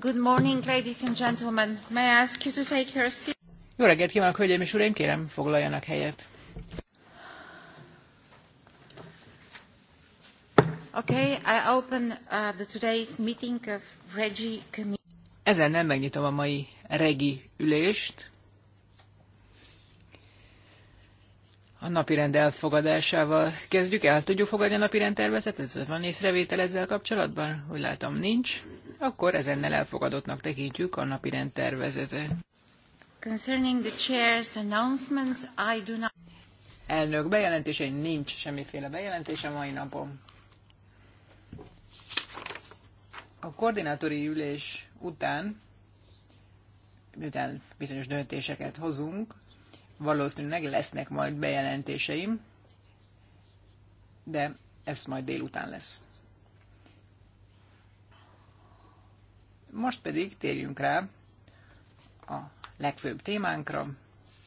Good morning, ladies and gentlemen. May I ask you to take your seat? Jó reggelt kívánok, hölgyeim és uraim, kérem foglaljanak helyet. Okay, I open uh, the today's meeting of Regi Committee. Ezen nem megnyitom a mai regi ülést. a napirend elfogadásával kezdjük. El tudjuk fogadni a napirend tervezetet? Van észrevétel ezzel kapcsolatban? Úgy látom, nincs. Akkor ezennel elfogadottnak tekintjük a napirend tervezetet. Concerning the chair's announcements, I do not... Elnök bejelentése nincs semmiféle bejelentése a mai napon. A koordinátori ülés után, miután bizonyos döntéseket hozunk, valószínűleg lesznek majd bejelentéseim, de ez majd délután lesz. Most pedig térjünk rá a legfőbb témánkra.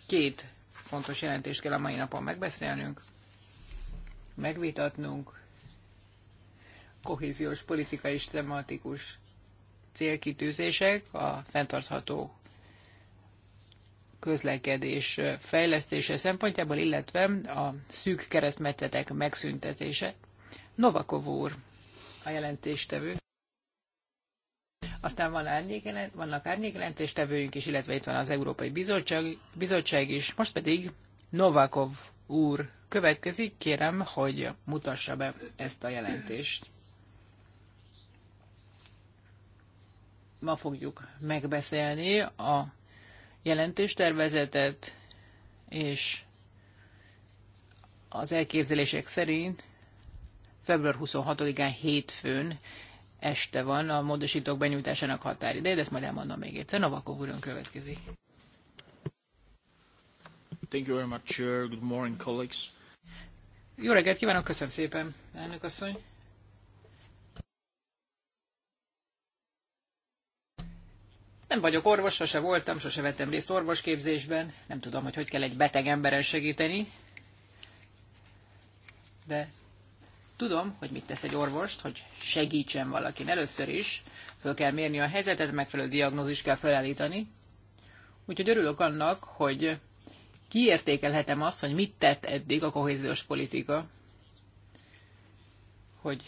Két fontos jelentést kell a mai napon megbeszélnünk, megvitatnunk, kohéziós politikai és tematikus célkitűzések, a fenntartható közlekedés fejlesztése szempontjából, illetve a szűk keresztmetszetek megszüntetése. Novakov úr a jelentéstevő. Aztán van árnyék, vannak árnyékjelentéstevőink is, illetve itt van az Európai Bizottság, Bizottság is. Most pedig Novakov úr következik. Kérem, hogy mutassa be ezt a jelentést. Ma fogjuk megbeszélni a jelentéstervezetet, és az elképzelések szerint február 26-án hétfőn este van a módosítók benyújtásának határideje, de ezt majd elmondom még egyszer. Novakov úrön következik. Thank you very much, Good morning, colleagues. Jó reggelt kívánok, köszönöm szépen, elnök asszony. Nem vagyok orvos, sose voltam, sose vettem részt orvosképzésben, nem tudom, hogy hogy kell egy beteg emberen segíteni, de tudom, hogy mit tesz egy orvost, hogy segítsen valakin. Először is föl kell mérni a helyzetet, megfelelő diagnózis kell felállítani. Úgyhogy örülök annak, hogy kiértékelhetem azt, hogy mit tett eddig a kohéziós politika, hogy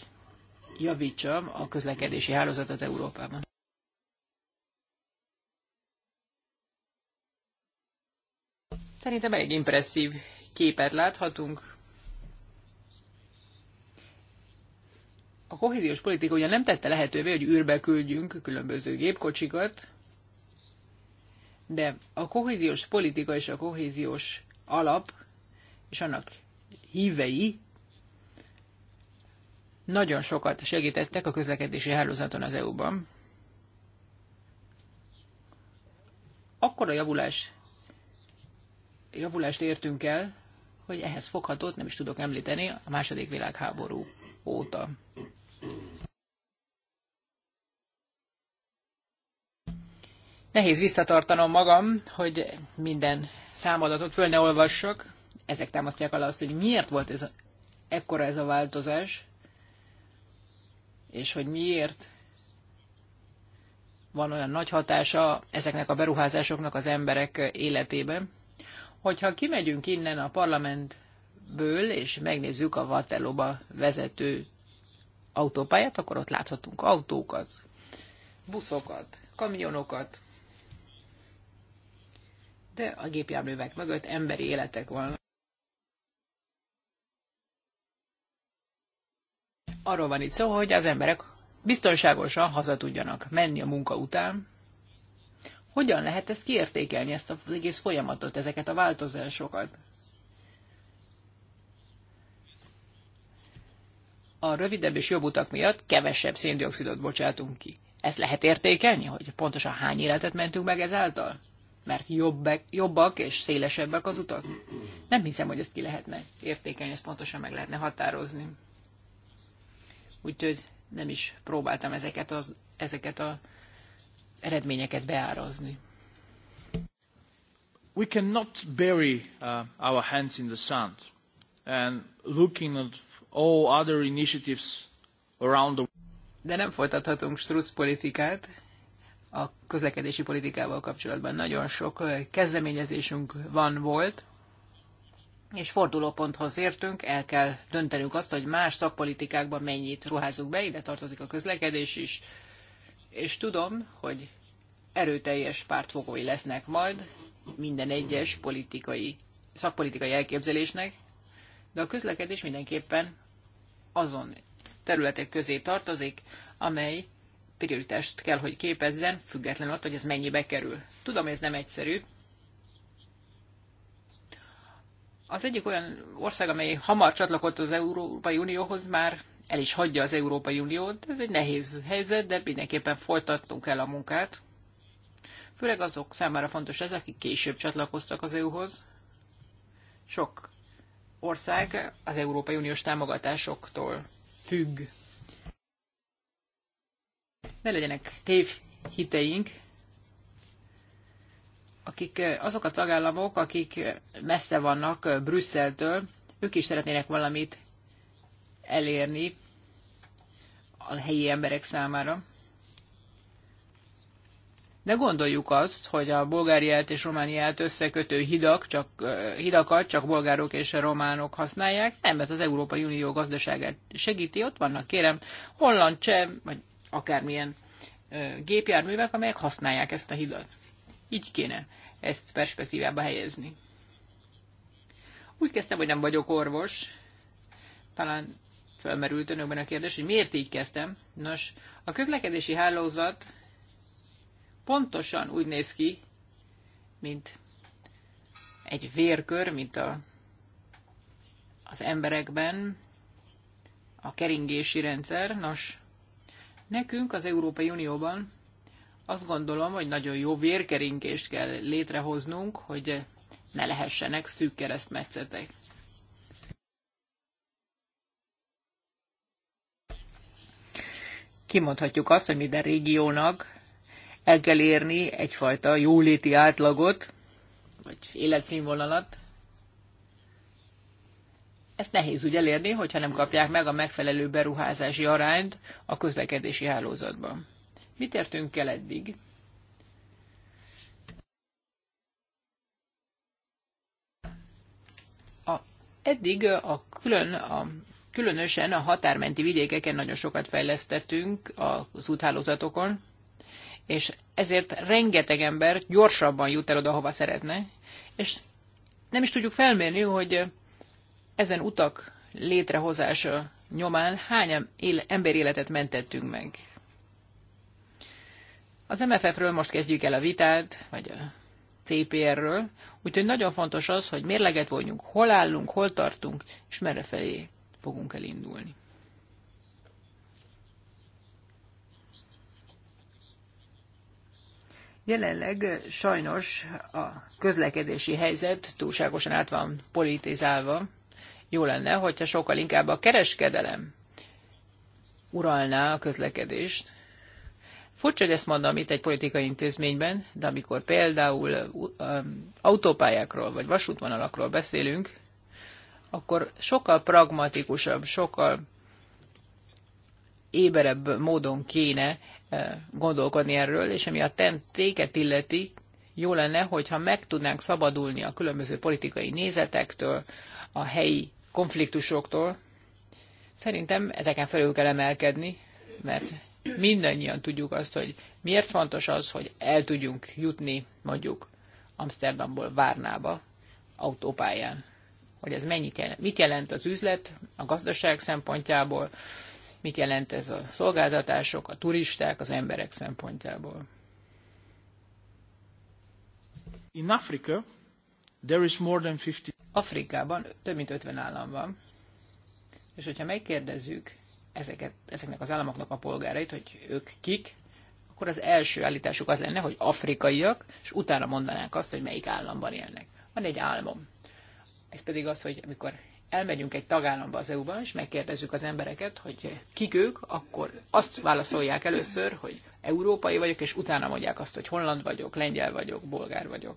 javítsam a közlekedési hálózatot Európában. Szerintem elég impresszív képet láthatunk. A kohéziós politika ugyan nem tette lehetővé, hogy űrbe küldjünk különböző gépkocsikat, de a kohéziós politika és a kohéziós alap és annak hívei nagyon sokat segítettek a közlekedési hálózaton az EU-ban. Akkor a javulás javulást értünk el, hogy ehhez foghatott, nem is tudok említeni a második világháború óta. Nehéz visszatartanom magam, hogy minden számadatot föl ne olvassak. Ezek támasztják alá azt, hogy miért volt ez a, ekkora ez a változás, és hogy miért van olyan nagy hatása ezeknek a beruházásoknak az emberek életében hogyha kimegyünk innen a parlamentből, és megnézzük a Vatelóba vezető autópályát, akkor ott láthatunk autókat, buszokat, kamionokat, de a gépjárművek mögött emberi életek vannak. Arról van itt szó, hogy az emberek biztonságosan haza tudjanak menni a munka után, hogyan lehet ezt kiértékelni, ezt az egész folyamatot, ezeket a változásokat? A rövidebb és jobb utak miatt kevesebb széndiokszidot bocsátunk ki. Ezt lehet értékelni, hogy pontosan hány életet mentünk meg ezáltal? Mert jobbek, jobbak és szélesebbek az utak? Nem hiszem, hogy ezt ki lehetne értékelni, ezt pontosan meg lehetne határozni. Úgyhogy nem is próbáltam ezeket, az, ezeket a eredményeket beárazni. We cannot bury uh, our hands in the sand and looking at all other initiatives around the de nem folytathatunk struc politikát a közlekedési politikával kapcsolatban. Nagyon sok uh, kezdeményezésünk van volt, és fordulóponthoz értünk, el kell döntenünk azt, hogy más szakpolitikákban mennyit ruházunk be, ide tartozik a közlekedés is, és tudom, hogy erőteljes pártfogói lesznek majd minden egyes politikai, szakpolitikai elképzelésnek, de a közlekedés mindenképpen azon területek közé tartozik, amely prioritást kell, hogy képezzen, függetlenül attól, hogy ez mennyibe kerül. Tudom, ez nem egyszerű. Az egyik olyan ország, amely hamar csatlakozott az Európai Unióhoz, már el is hagyja az Európai Uniót. Ez egy nehéz helyzet, de mindenképpen folytattunk el a munkát. Főleg azok számára fontos ez, akik később csatlakoztak az EU-hoz. Sok ország az Európai Uniós támogatásoktól függ. Ne legyenek tévhiteink, akik, azok a tagállamok, akik messze vannak Brüsszeltől, ők is szeretnének valamit elérni a helyi emberek számára. De gondoljuk azt, hogy a Bulgáriát és Romániát összekötő hidak csak, hidakat csak bolgárok és románok használják. Nem, ez az Európai Unió gazdaságát segíti. Ott vannak, kérem, holland, cseh, vagy akármilyen gépjárművek, amelyek használják ezt a hidat. Így kéne ezt perspektívába helyezni. Úgy kezdtem, hogy nem vagyok orvos. Talán felmerült önökben a kérdés, hogy miért így kezdtem. Nos, a közlekedési hálózat pontosan úgy néz ki, mint egy vérkör, mint a, az emberekben a keringési rendszer. Nos, nekünk az Európai Unióban azt gondolom, hogy nagyon jó vérkeringést kell létrehoznunk, hogy ne lehessenek szűk keresztmetszetek. kimondhatjuk azt, hogy minden régiónak el kell érni egyfajta jóléti átlagot, vagy életszínvonalat. Ezt nehéz úgy elérni, hogyha nem kapják meg a megfelelő beruházási arányt a közlekedési hálózatban. Mit értünk el eddig? A, eddig a külön a Különösen a határmenti vidékeken nagyon sokat fejlesztettünk az úthálózatokon, és ezért rengeteg ember gyorsabban jut el oda, hova szeretne, és nem is tudjuk felmérni, hogy ezen utak létrehozása nyomán hány ember életet mentettünk meg. Az MFF-ről most kezdjük el a vitát, vagy a CPR-ről, úgyhogy nagyon fontos az, hogy mérleget vonjunk, hol állunk, hol tartunk, és merre felé fogunk elindulni. Jelenleg sajnos a közlekedési helyzet túlságosan át van politizálva. Jó lenne, hogyha sokkal inkább a kereskedelem uralná a közlekedést. Furcsa, hogy ezt mondom itt egy politikai intézményben, de amikor például autópályákról vagy vasútvonalakról beszélünk, akkor sokkal pragmatikusabb, sokkal éberebb módon kéne e, gondolkodni erről, és ami a téket illeti, jó lenne, hogyha meg tudnánk szabadulni a különböző politikai nézetektől, a helyi konfliktusoktól. Szerintem ezeken felül kell emelkedni, mert mindannyian tudjuk azt, hogy miért fontos az, hogy el tudjunk jutni mondjuk Amsterdamból Várnába autópályán hogy ez mennyit jelent, mit jelent az üzlet a gazdaság szempontjából, mit jelent ez a szolgáltatások, a turisták, az emberek szempontjából. In Africa, there is more than 50... Afrikában több mint 50 állam van, és hogyha megkérdezzük ezeket, ezeknek az államoknak a polgárait, hogy ők kik, akkor az első állításuk az lenne, hogy afrikaiak, és utána mondanánk azt, hogy melyik államban élnek. Van egy álmom ez pedig az, hogy amikor elmegyünk egy tagállamba az EU-ban, és megkérdezzük az embereket, hogy kik ők, akkor azt válaszolják először, hogy európai vagyok, és utána mondják azt, hogy holland vagyok, lengyel vagyok, bolgár vagyok.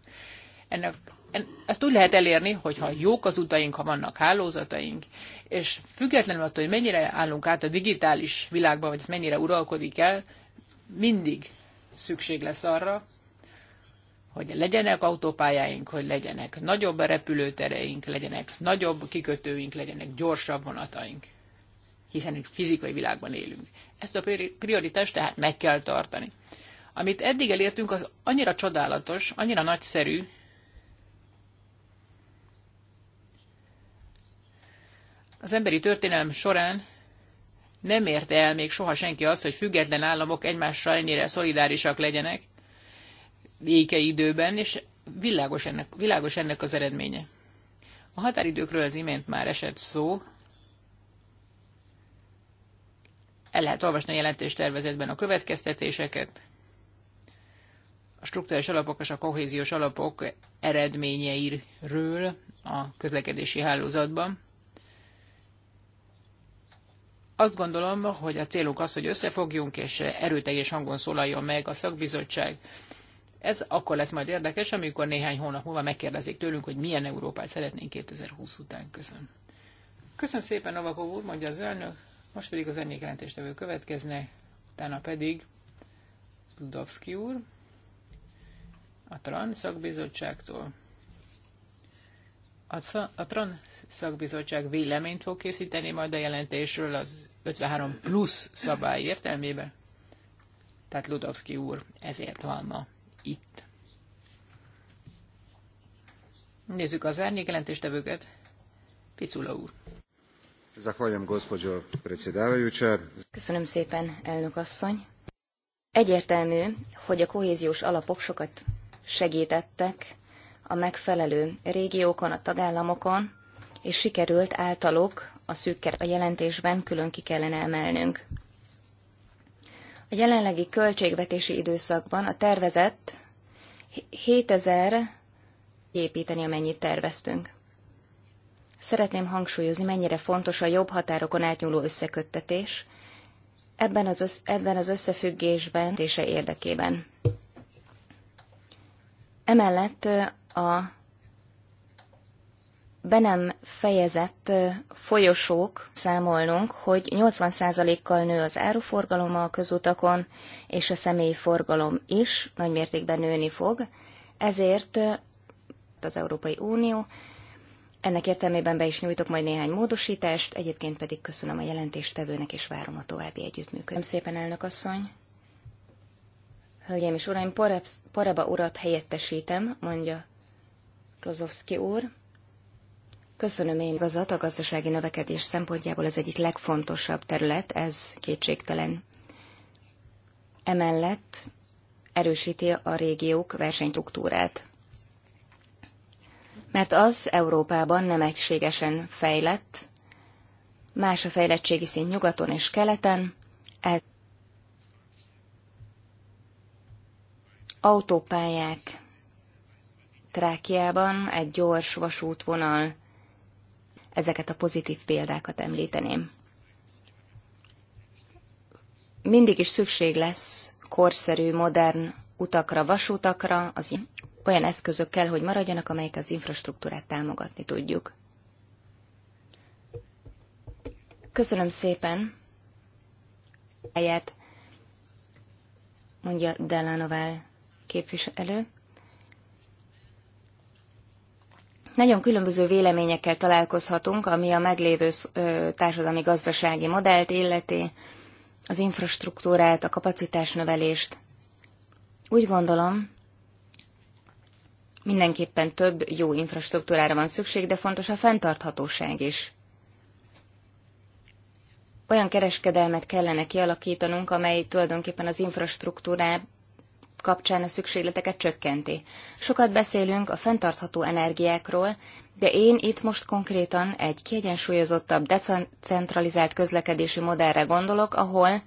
Ennek, en, ezt úgy lehet elérni, hogyha jók az utaink, ha vannak hálózataink, és függetlenül attól, hogy mennyire állunk át a digitális világban vagy ez mennyire uralkodik el, mindig szükség lesz arra, hogy legyenek autópályáink, hogy legyenek nagyobb repülőtereink, legyenek nagyobb kikötőink, legyenek gyorsabb vonataink. Hiszen egy fizikai világban élünk. Ezt a prioritást tehát meg kell tartani. Amit eddig elértünk, az annyira csodálatos, annyira nagyszerű, Az emberi történelem során nem érte el még soha senki azt, hogy független államok egymással ennyire szolidárisak legyenek, békeidőben, és világos ennek, világos ennek az eredménye. A határidőkről az imént már esett szó. El lehet olvasni a jelentéstervezetben a következtetéseket. A struktúrális alapok és a kohéziós alapok eredményeiről a közlekedési hálózatban. Azt gondolom, hogy a célunk az, hogy összefogjunk, és erőteljes hangon szólaljon meg a szakbizottság. Ez akkor lesz majd érdekes, amikor néhány hónap múlva megkérdezik tőlünk, hogy milyen Európát szeretnénk 2020 után. Köszönöm. Köszönöm szépen, Novakov úr, mondja az elnök. Most pedig az emlékjelentéstevő következne, utána pedig Zdudovszki úr a TRAN szakbizottságtól. A, szak, a TRAN szakbizottság véleményt fog készíteni majd a jelentésről az 53 plusz szabály értelmében. Tehát Ludovszki úr ezért van ma itt. Nézzük az árnyék jelentéstevőket. Picula úr. Köszönöm szépen, elnök asszony. Egyértelmű, hogy a kohéziós alapok sokat segítettek a megfelelő régiókon, a tagállamokon, és sikerült általuk a szűk a jelentésben külön ki kellene emelnünk. A jelenlegi költségvetési időszakban a tervezett 7000 építeni, amennyit terveztünk. Szeretném hangsúlyozni, mennyire fontos a jobb határokon átnyúló összeköttetés ebben az, össz, ebben az összefüggésben és érdekében. Emellett a be nem fejezett folyosók számolnunk, hogy 80%-kal nő az áruforgalom a közutakon, és a személyforgalom is nagymértékben nőni fog, ezért az Európai Unió ennek értelmében be is nyújtok majd néhány módosítást, egyébként pedig köszönöm a jelentéstevőnek, és várom a további együttműködést. szépen, elnök asszony! Hölgyeim és uraim, Poreba urat helyettesítem, mondja Klozovszki úr. Köszönöm én igazat, a gazdasági növekedés szempontjából az egyik legfontosabb terület, ez kétségtelen. Emellett erősíti a régiók versenystruktúrát. Mert az Európában nem egységesen fejlett, más a fejlettségi szint nyugaton és keleten, ez autópályák Trákiában egy gyors vasútvonal ezeket a pozitív példákat említeném. Mindig is szükség lesz korszerű, modern utakra, vasutakra, az olyan eszközök kell, hogy maradjanak, amelyek az infrastruktúrát támogatni tudjuk. Köszönöm szépen. Helyet mondja Delanovel képviselő. Nagyon különböző véleményekkel találkozhatunk, ami a meglévő társadalmi gazdasági modellt illeti, az infrastruktúrát, a kapacitásnövelést. Úgy gondolom, mindenképpen több jó infrastruktúrára van szükség, de fontos a fenntarthatóság is. Olyan kereskedelmet kellene kialakítanunk, amely tulajdonképpen az infrastruktúrát kapcsán a szükségleteket csökkenti. Sokat beszélünk a fenntartható energiákról, de én itt most konkrétan egy kiegyensúlyozottabb, decentralizált közlekedési modellre gondolok, ahol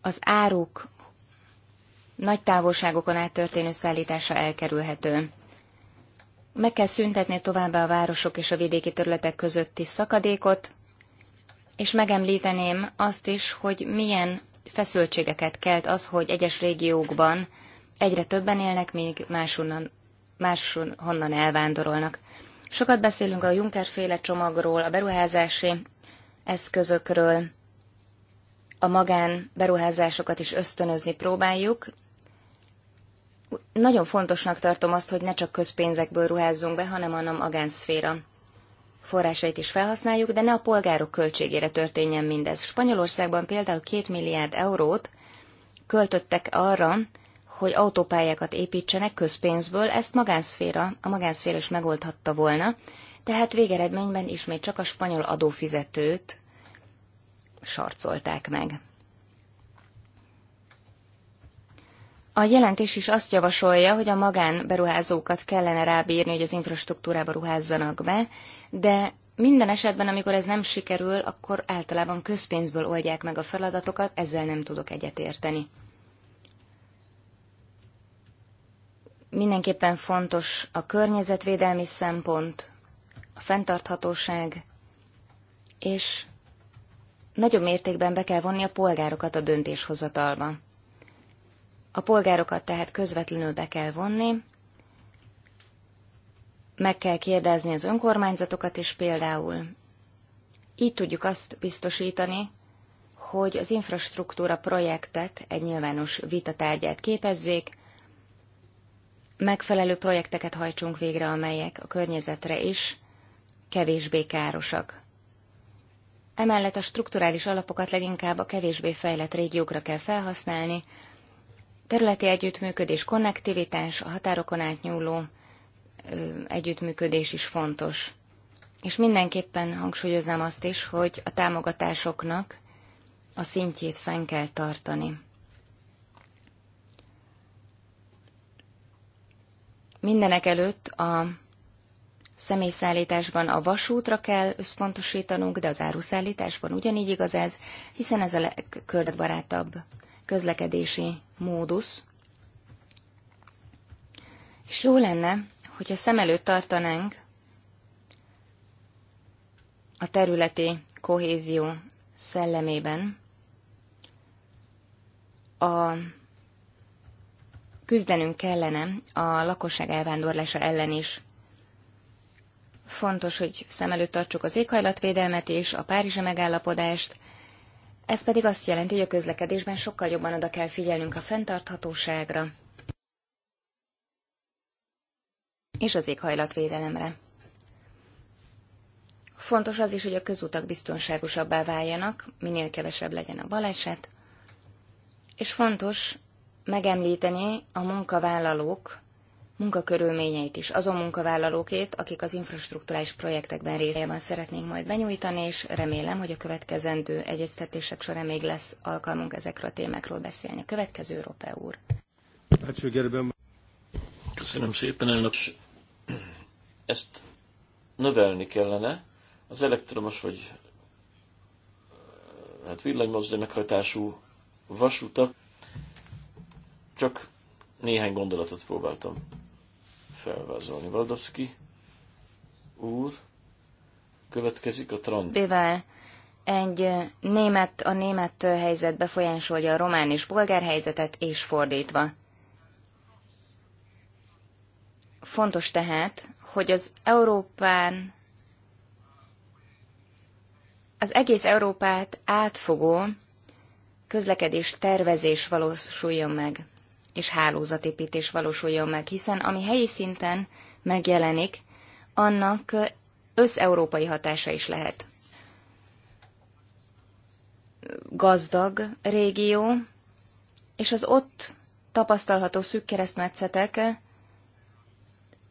az áruk nagy távolságokon át történő szállítása elkerülhető. Meg kell szüntetni továbbá a városok és a vidéki területek közötti szakadékot, és megemlíteném azt is, hogy milyen feszültségeket kelt az, hogy egyes régiókban egyre többen élnek, míg máshonnan, máshonnan elvándorolnak. Sokat beszélünk a Juncker-féle csomagról, a beruházási eszközökről, a magán beruházásokat is ösztönözni próbáljuk. Nagyon fontosnak tartom azt, hogy ne csak közpénzekből ruházzunk be, hanem a magánszféra forrásait is felhasználjuk, de ne a polgárok költségére történjen mindez. Spanyolországban például 2 milliárd eurót költöttek arra, hogy autópályákat építsenek közpénzből, ezt magánszféra, a magánszféra is megoldhatta volna, tehát végeredményben ismét csak a spanyol adófizetőt sarcolták meg. A jelentés is azt javasolja, hogy a magánberuházókat kellene rábírni, hogy az infrastruktúrába ruházzanak be, de minden esetben, amikor ez nem sikerül, akkor általában közpénzből oldják meg a feladatokat, ezzel nem tudok egyetérteni. Mindenképpen fontos a környezetvédelmi szempont, a fenntarthatóság, és nagyobb mértékben be kell vonni a polgárokat a döntéshozatalba. A polgárokat tehát közvetlenül be kell vonni, meg kell kérdezni az önkormányzatokat is például. Így tudjuk azt biztosítani, hogy az infrastruktúra projektek egy nyilvános vitatárgyát képezzék, megfelelő projekteket hajtsunk végre, amelyek a környezetre is kevésbé károsak. Emellett a strukturális alapokat leginkább a kevésbé fejlett régiókra kell felhasználni, területi együttműködés, konnektivitás, a határokon átnyúló együttműködés is fontos. És mindenképpen hangsúlyoznám azt is, hogy a támogatásoknak a szintjét fenn kell tartani. Mindenek előtt a személyszállításban a vasútra kell összpontosítanunk, de az áruszállításban ugyanígy igaz ez, hiszen ez a legkörnyezetbarátabb közlekedési módusz. És jó lenne, hogyha szem előtt tartanánk a területi kohézió szellemében a küzdenünk kellene a lakosság elvándorlása ellen is. Fontos, hogy szem előtt tartsuk az éghajlatvédelmet és a Párizsi megállapodást, ez pedig azt jelenti, hogy a közlekedésben sokkal jobban oda kell figyelnünk a fenntarthatóságra és az éghajlatvédelemre. Fontos az is, hogy a közutak biztonságosabbá váljanak, minél kevesebb legyen a baleset, és fontos megemlíteni a munkavállalók munkakörülményeit is azon munkavállalókét, akik az infrastruktúrális projektekben részében szeretnénk majd benyújtani, és remélem, hogy a következendő egyeztetések során még lesz alkalmunk ezekről a témákról beszélni. Következő Rope úr. Köszönöm szépen, elnök. Ezt növelni kellene. Az elektromos vagy hát villanymozdony meghajtású vasutak. Csak néhány gondolatot próbáltam felvázolni. Valdowski úr következik a trend. Bivel egy német, a német helyzet befolyásolja a román és bolgár helyzetet, és fordítva. Fontos tehát, hogy az Európán az egész Európát átfogó közlekedés tervezés valósuljon meg és hálózatépítés valósuljon meg, hiszen ami helyi szinten megjelenik, annak összeurópai hatása is lehet. Gazdag régió, és az ott tapasztalható szűk keresztmetszetek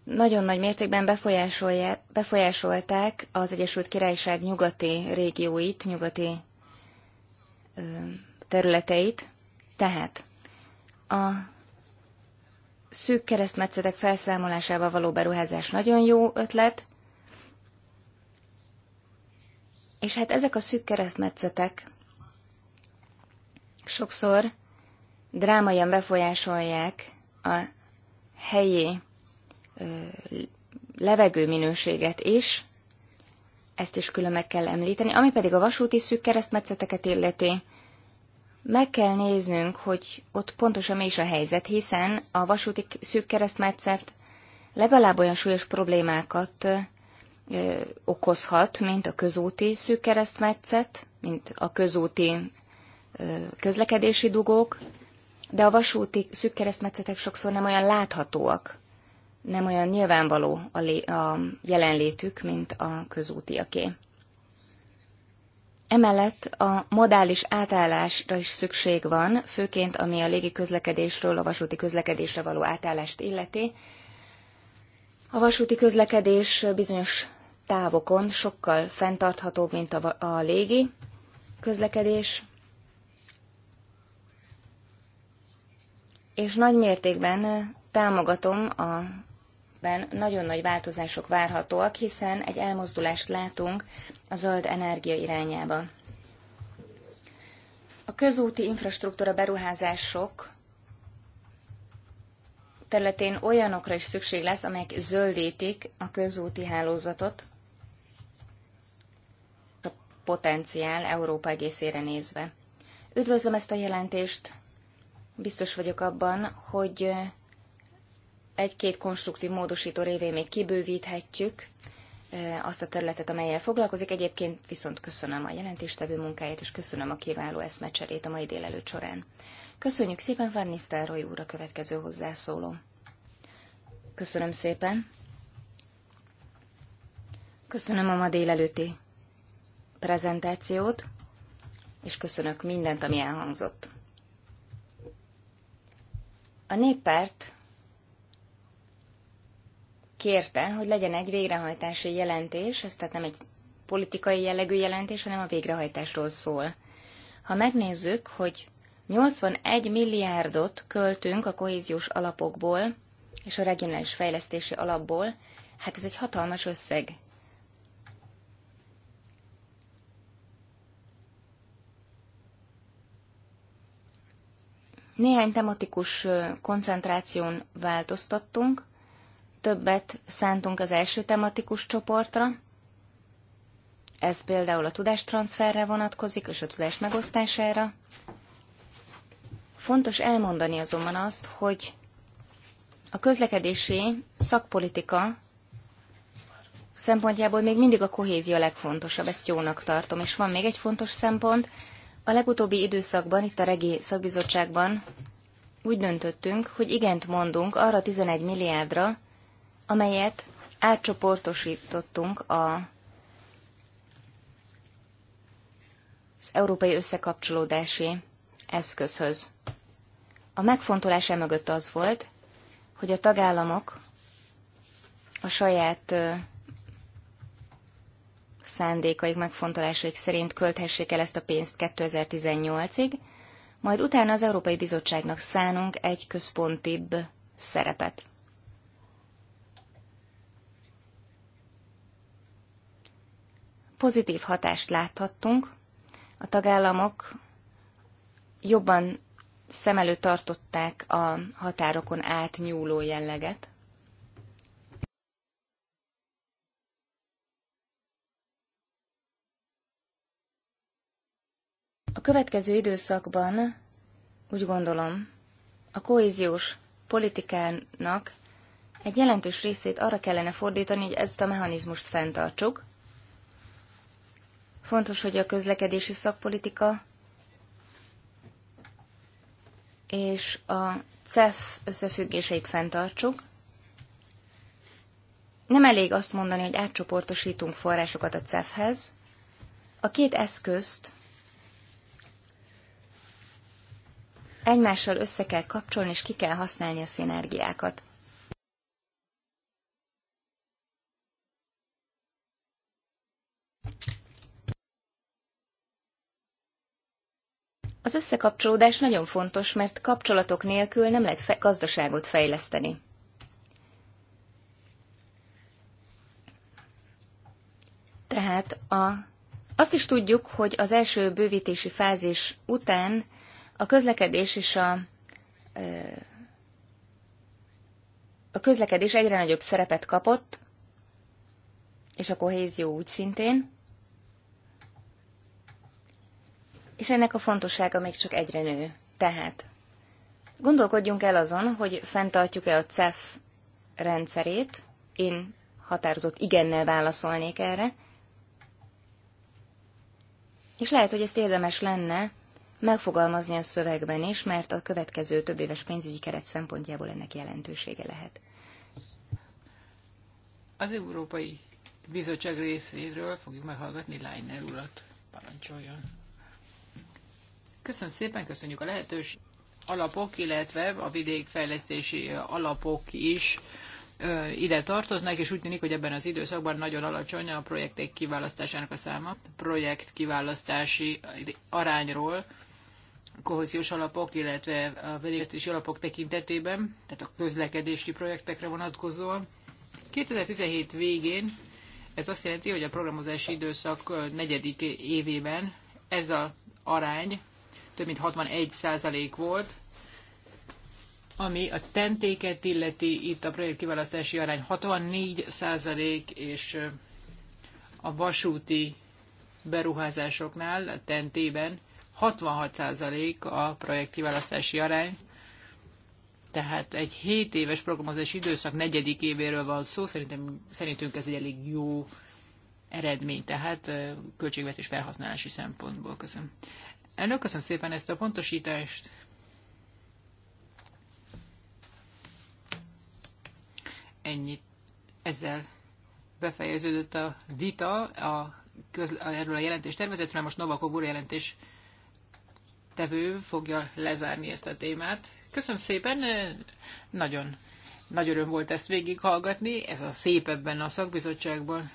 nagyon nagy mértékben befolyásolták az Egyesült Királyság nyugati régióit, nyugati területeit. Tehát a szűk keresztmetszetek felszámolásába való beruházás nagyon jó ötlet, és hát ezek a szűk keresztmetszetek sokszor drámaian befolyásolják a helyi levegő minőséget is, ezt is külön meg kell említeni, ami pedig a vasúti szűk keresztmetszeteket illeti. Meg kell néznünk, hogy ott pontosan mi is a helyzet, hiszen a vasúti szűk keresztmetszet legalább olyan súlyos problémákat ö, okozhat, mint a közúti szűk keresztmetszet, mint a közúti ö, közlekedési dugók, de a vasúti szűk keresztmetszetek sokszor nem olyan láthatóak, nem olyan nyilvánvaló a, lé, a jelenlétük, mint a közútiaké. Emellett a modális átállásra is szükség van, főként ami a légi közlekedésről a vasúti közlekedésre való átállást illeti. A vasúti közlekedés bizonyos távokon sokkal fenntarthatóbb, mint a, légi közlekedés, és nagy mértékben támogatom a ben nagyon nagy változások várhatóak, hiszen egy elmozdulást látunk a zöld energia irányába. A közúti infrastruktúra beruházások területén olyanokra is szükség lesz, amelyek zöldítik a közúti hálózatot, a potenciál Európa egészére nézve. Üdvözlöm ezt a jelentést, biztos vagyok abban, hogy egy-két konstruktív módosító révén még kibővíthetjük azt a területet, amelyel foglalkozik. Egyébként viszont köszönöm a jelentéstevő munkáját, és köszönöm a kiváló eszmecserét a mai délelőtt során. Köszönjük szépen Van Nisztelrooy úr a következő hozzászóló. Köszönöm szépen. Köszönöm a ma délelőtti prezentációt, és köszönök mindent, ami elhangzott. A néppárt kérte, hogy legyen egy végrehajtási jelentés, ez tehát nem egy politikai jellegű jelentés, hanem a végrehajtásról szól. Ha megnézzük, hogy 81 milliárdot költünk a kohéziós alapokból és a regionális fejlesztési alapból, hát ez egy hatalmas összeg. Néhány tematikus koncentráción változtattunk, Többet szántunk az első tematikus csoportra, ez például a tudástranszferre vonatkozik, és a tudás megosztására. Fontos elmondani azonban azt, hogy a közlekedési szakpolitika szempontjából még mindig a kohézió legfontosabb, ezt jónak tartom. És van még egy fontos szempont, a legutóbbi időszakban, itt a Regi szakbizottságban úgy döntöttünk, hogy igent mondunk arra 11 milliárdra, amelyet átcsoportosítottunk a, az európai összekapcsolódási eszközhöz. A megfontolás mögött az volt, hogy a tagállamok a saját szándékaik, megfontolásaik szerint költhessék el ezt a pénzt 2018-ig, majd utána az Európai Bizottságnak szánunk egy központibb szerepet. pozitív hatást láthattunk. A tagállamok jobban szem előtt tartották a határokon átnyúló jelleget. A következő időszakban úgy gondolom, a kohéziós politikának egy jelentős részét arra kellene fordítani, hogy ezt a mechanizmust fenntartsuk, Fontos, hogy a közlekedési szakpolitika és a CEF összefüggéseit fenntartsuk. Nem elég azt mondani, hogy átcsoportosítunk forrásokat a CEF-hez. A két eszközt egymással össze kell kapcsolni, és ki kell használni a szinergiákat. Az összekapcsolódás nagyon fontos, mert kapcsolatok nélkül nem lehet fe- gazdaságot fejleszteni. Tehát a, azt is tudjuk, hogy az első bővítési fázis után a közlekedés és a, a közlekedés egyre nagyobb szerepet kapott, és a kohézió úgy szintén, és ennek a fontossága még csak egyre nő. Tehát gondolkodjunk el azon, hogy fenntartjuk-e a CEF rendszerét, én határozott igennel válaszolnék erre, és lehet, hogy ezt érdemes lenne megfogalmazni a szövegben is, mert a következő több éves pénzügyi keret szempontjából ennek jelentősége lehet. Az Európai Bizottság részéről fogjuk meghallgatni Leiner urat. Parancsoljon! Köszönöm szépen, köszönjük a lehetős alapok, illetve a vidékfejlesztési alapok is ide tartoznak, és úgy tűnik, hogy ebben az időszakban nagyon alacsony a projektek kiválasztásának a száma. Projekt kiválasztási arányról kohéziós alapok, illetve a fejlesztési alapok tekintetében, tehát a közlekedési projektekre vonatkozóan. 2017 végén ez azt jelenti, hogy a programozási időszak negyedik évében ez a arány több mint 61 százalék volt, ami a tentéket illeti, itt a projekt kiválasztási arány 64 százalék, és a vasúti beruházásoknál, a tentében 66 százalék a projekt kiválasztási arány, tehát egy 7 éves programozási időszak negyedik évéről van szó, szerintem, szerintünk ez egy elég jó eredmény, tehát költségvetés felhasználási szempontból. Köszönöm. Elnök, köszönöm szépen ezt a pontosítást. Ennyit ezzel befejeződött a vita a közl- erről a jelentés tervezetről, most Novakov úr jelentés tevő fogja lezárni ezt a témát. Köszönöm szépen, nagyon nagy öröm volt ezt végighallgatni, ez a szép ebben a szakbizottságban.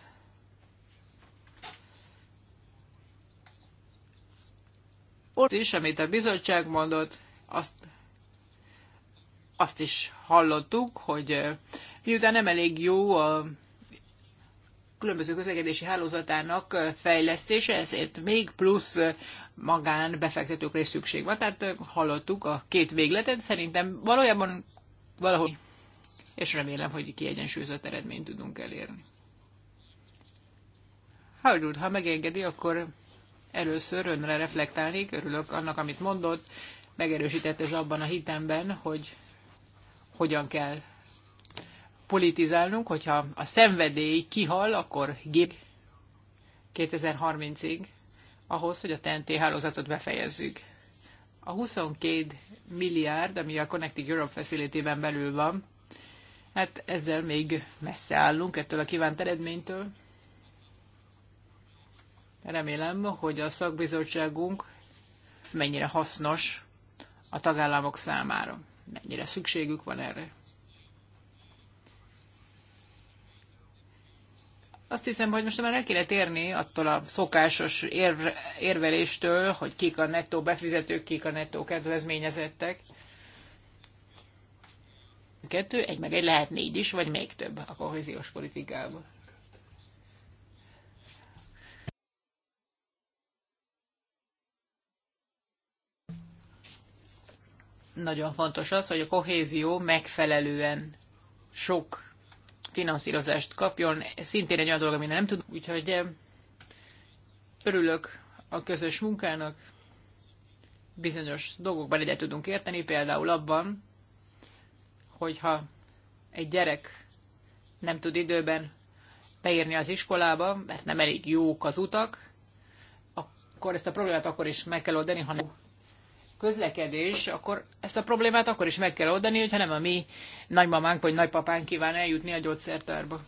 Ott is, amit a bizottság mondott, azt, azt is hallottuk, hogy miután nem elég jó a különböző közlekedési hálózatának fejlesztése, ezért még plusz magán befektetőkre is szükség van. Tehát hallottuk a két végletet, szerintem valójában valahogy, és remélem, hogy kiegyensúlyozott eredményt tudunk elérni. Ha ha megengedi, akkor Először önre reflektálnék, örülök annak, amit mondott, megerősített ez abban a hitemben, hogy hogyan kell politizálnunk, hogyha a szenvedély kihal, akkor gép 2030-ig ahhoz, hogy a TNT hálózatot befejezzük. A 22 milliárd, ami a Connecting Europe facility belül van, hát ezzel még messze állunk ettől a kívánt eredménytől. Remélem, hogy a szakbizottságunk mennyire hasznos a tagállamok számára, mennyire szükségük van erre. Azt hiszem, hogy most már el kéne térni attól a szokásos érve, érveléstől, hogy kik a nettó befizetők, kik a nettó kedvezményezettek. Kettő, egy meg egy lehet négy is, vagy még több a kohéziós politikában. nagyon fontos az, hogy a kohézió megfelelően sok finanszírozást kapjon. Ez szintén egy olyan dolog, amire nem tudunk, úgyhogy eh, örülök a közös munkának. Bizonyos dolgokban egyet tudunk érteni, például abban, hogyha egy gyerek nem tud időben beírni az iskolába, mert nem elég jók az utak, akkor ezt a problémát akkor is meg kell oldani, hanem közlekedés, akkor ezt a problémát akkor is meg kell oldani, hogyha nem a mi nagymamánk vagy nagypapánk kíván eljutni a gyógyszertárba.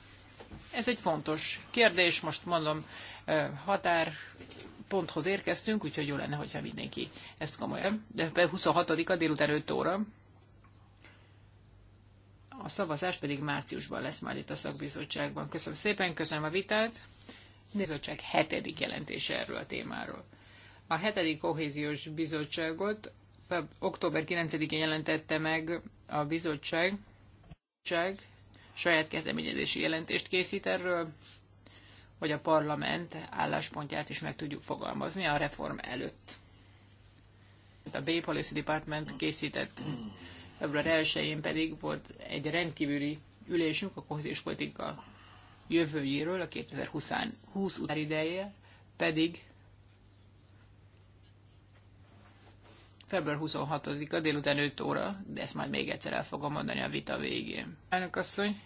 Ez egy fontos kérdés, most mondom, határ ponthoz érkeztünk, úgyhogy jó lenne, hogyha mindenki ezt komolyan. De 26-a délután 5 óra. A szavazás pedig márciusban lesz majd itt a szakbizottságban. Köszönöm szépen, köszönöm a vitát. Bizottság hetedik jelentése erről a témáról. A hetedik kohéziós bizottságot október 9-én jelentette meg a bizottság, bizottság saját kezdeményezési jelentést készít erről, hogy a parlament álláspontját is meg tudjuk fogalmazni a reform előtt. A Bay Policy Department készített február 1-én pedig volt egy rendkívüli ülésünk a kohéziós politika jövőjéről, a 2020 20 után ideje pedig február 26-a délután 5 óra, de ezt majd még egyszer el fogom mondani a vita végén. Elnök asszony!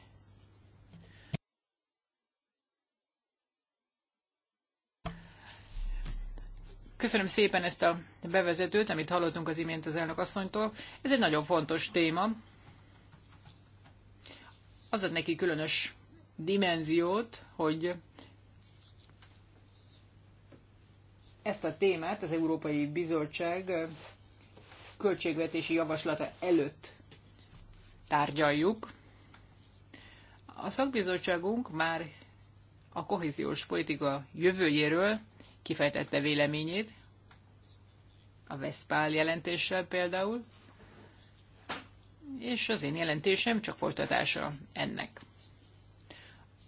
Köszönöm szépen ezt a bevezetőt, amit hallottunk az imént az elnök asszonytól. Ez egy nagyon fontos téma. Az ad neki különös dimenziót, hogy ezt a témát az Európai Bizottság költségvetési javaslata előtt tárgyaljuk. A szakbizottságunk már a kohéziós politika jövőjéről kifejtette véleményét, a Veszpál jelentéssel például, és az én jelentésem csak folytatása ennek.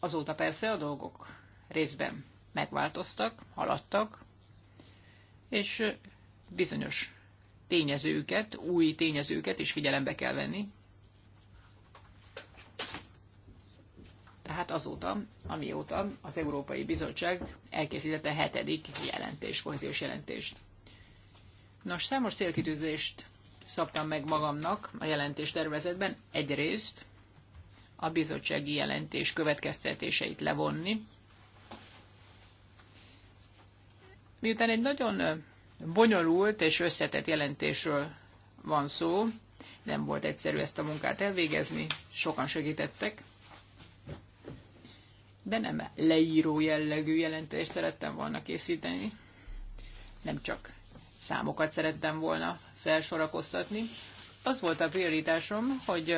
Azóta persze a dolgok részben megváltoztak, haladtak, és bizonyos tényezőket, új tényezőket is figyelembe kell venni. Tehát azóta, amióta az Európai Bizottság elkészítette a hetedik jelentés, kohéziós jelentést. Nos, számos célkitűzést szabtam meg magamnak a jelentés tervezetben. Egyrészt a bizottsági jelentés következtetéseit levonni. Miután egy nagyon bonyolult és összetett jelentésről van szó. Nem volt egyszerű ezt a munkát elvégezni, sokan segítettek, de nem leíró jellegű jelentést szerettem volna készíteni. Nem csak számokat szerettem volna felsorakoztatni. Az volt a prioritásom, hogy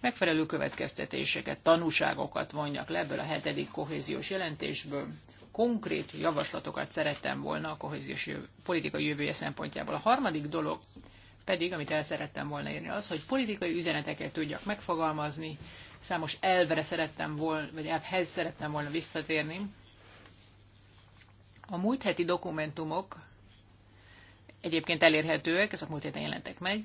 megfelelő következtetéseket, tanúságokat vonjak le ebből a hetedik kohéziós jelentésből, konkrét javaslatokat szerettem volna a kohéziós jövő, politikai jövője szempontjából. A harmadik dolog pedig, amit el szerettem volna írni, az, hogy politikai üzeneteket tudjak megfogalmazni, számos elvre szerettem volna, vagy elvhez szerettem volna visszatérni. A múlt heti dokumentumok egyébként elérhetőek, ezek múlt héten jelentek meg,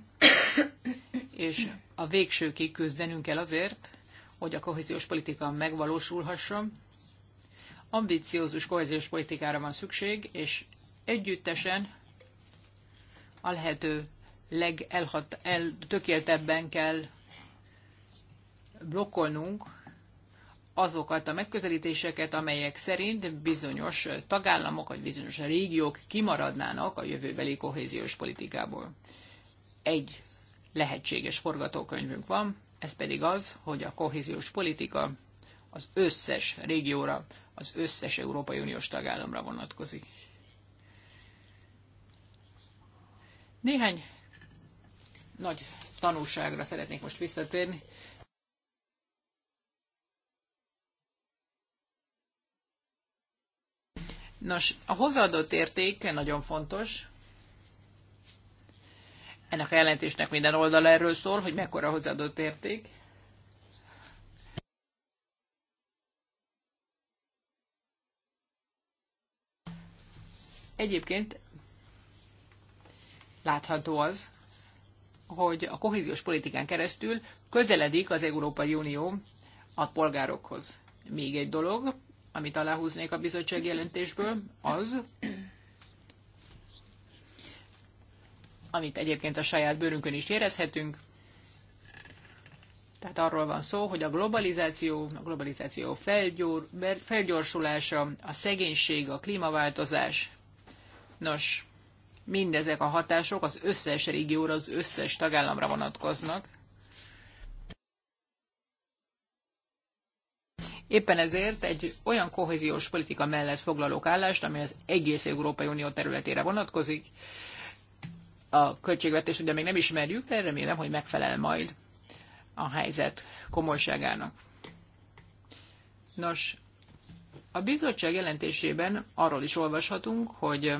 és a végsőkig küzdenünk kell azért, hogy a kohéziós politika megvalósulhasson, ambiciózus kohéziós politikára van szükség, és együttesen a lehető legeltökéltebben kell blokkolnunk azokat a megközelítéseket, amelyek szerint bizonyos tagállamok vagy bizonyos régiók kimaradnának a jövőbeli kohéziós politikából. Egy lehetséges forgatókönyvünk van, ez pedig az, hogy a kohéziós politika az összes régióra az összes Európai Uniós tagállamra vonatkozik. Néhány nagy tanulságra szeretnék most visszatérni. Nos, a hozzáadott érték nagyon fontos. Ennek a jelentésnek minden oldala erről szól, hogy mekkora hozzáadott érték. Egyébként látható az, hogy a kohéziós politikán keresztül közeledik az Európai Unió a polgárokhoz. Még egy dolog, amit aláhúznék a bizottság jelentésből, az, amit egyébként a saját bőrünkön is érezhetünk. Tehát arról van szó, hogy a globalizáció, a globalizáció felgyor, felgyorsulása, a szegénység, a klímaváltozás Nos, mindezek a hatások az összes régióra, az összes tagállamra vonatkoznak. Éppen ezért egy olyan kohéziós politika mellett foglalók állást, ami az egész Európai Unió területére vonatkozik. A költségvetés ugye még nem ismerjük, de remélem, hogy megfelel majd a helyzet komolyságának. Nos, a bizottság jelentésében arról is olvashatunk, hogy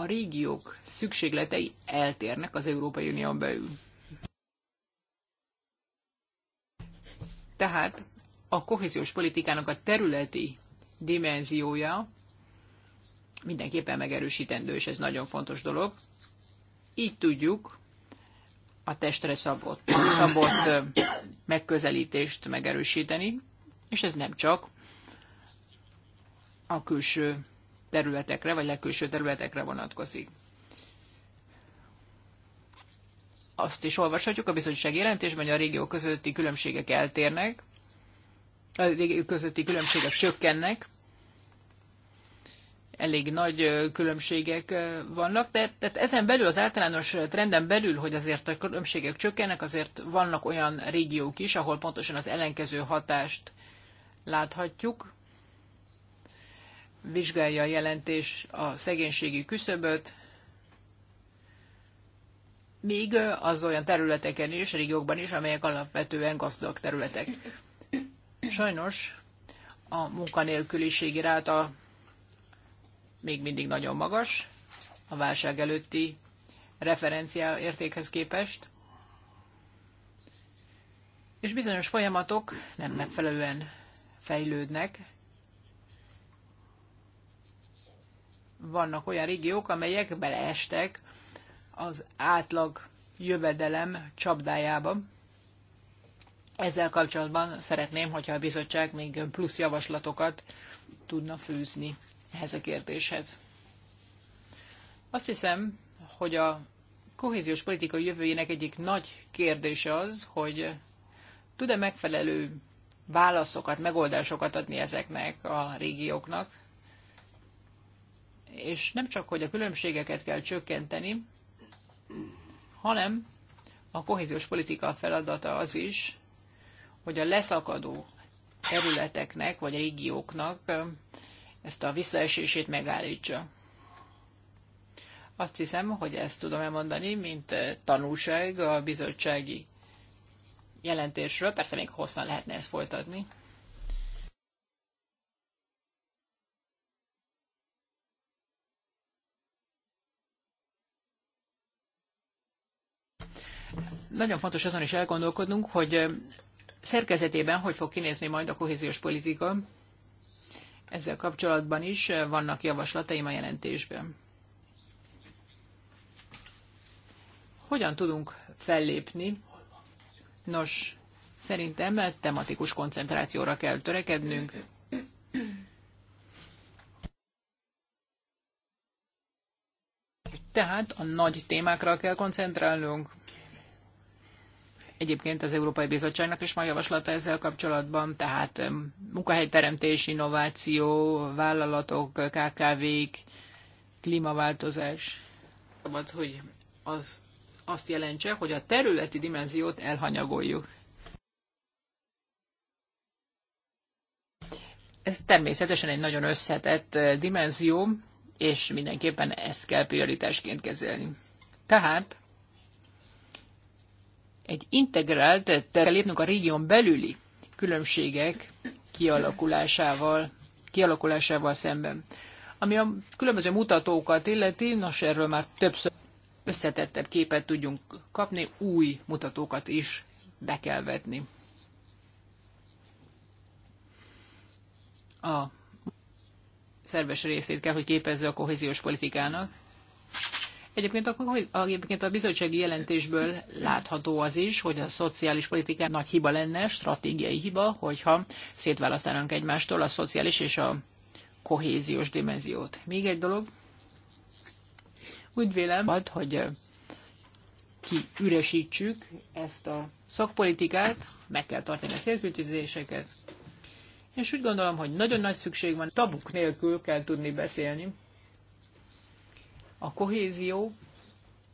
a régiók szükségletei eltérnek az Európai Unión belül. Tehát a kohéziós politikának a területi dimenziója mindenképpen megerősítendő, és ez nagyon fontos dolog. Így tudjuk a testre szabott, szabott megközelítést megerősíteni, és ez nem csak a külső területekre, vagy legkülső területekre vonatkozik. Azt is olvashatjuk a bizottság jelentésben, hogy a régiók közötti különbségek eltérnek, a régió közötti különbségek csökkennek, elég nagy különbségek vannak, de tehát ezen belül, az általános trenden belül, hogy azért a különbségek csökkennek, azért vannak olyan régiók is, ahol pontosan az ellenkező hatást láthatjuk vizsgálja a jelentés a szegénységi küszöböt, míg az olyan területeken is, régiókban is, amelyek alapvetően gazdag területek. Sajnos a munkanélküliségi ráta még mindig nagyon magas a válság előtti referencia értékhez képest, és bizonyos folyamatok nem megfelelően fejlődnek, vannak olyan régiók, amelyek beleestek az átlag jövedelem csapdájába. Ezzel kapcsolatban szeretném, hogyha a bizottság még plusz javaslatokat tudna fűzni ehhez a kérdéshez. Azt hiszem, hogy a kohéziós politika jövőjének egyik nagy kérdése az, hogy tud-e megfelelő válaszokat, megoldásokat adni ezeknek a régióknak, és nem csak, hogy a különbségeket kell csökkenteni, hanem a kohéziós politika feladata az is, hogy a leszakadó területeknek vagy régióknak ezt a visszaesését megállítsa. Azt hiszem, hogy ezt tudom elmondani, mint tanulság a bizottsági jelentésről. Persze még hosszan lehetne ezt folytatni. nagyon fontos azon is elgondolkodnunk, hogy szerkezetében hogy fog kinézni majd a kohéziós politika. Ezzel kapcsolatban is vannak javaslataim a jelentésben. Hogyan tudunk fellépni? Nos, szerintem tematikus koncentrációra kell törekednünk. Tehát a nagy témákra kell koncentrálnunk. Egyébként az Európai Bizottságnak is van javaslata ezzel kapcsolatban, tehát munkahelyteremtés, innováció, vállalatok, KKV-k, klímaváltozás. Szabad, hogy az azt jelentse, hogy a területi dimenziót elhanyagoljuk. Ez természetesen egy nagyon összetett eh, dimenzió, és mindenképpen ezt kell prioritásként kezelni. Tehát egy integrált, terre lépnünk a régión belüli különbségek kialakulásával, kialakulásával szemben. Ami a különböző mutatókat illeti, nos erről már többször összetettebb képet tudjunk kapni, új mutatókat is be kell vetni. A szerves részét kell, hogy képezze a kohéziós politikának. Egyébként a, egyébként a bizottsági jelentésből látható az is, hogy a szociális politika nagy hiba lenne, stratégiai hiba, hogyha szétválasztanánk egymástól a szociális és a kohéziós dimenziót. Még egy dolog, úgy vélem, hogy kiüresítsük ezt a szakpolitikát, meg kell tartani a célkütőzéseket, és úgy gondolom, hogy nagyon nagy szükség van, tabuk nélkül kell tudni beszélni a kohézió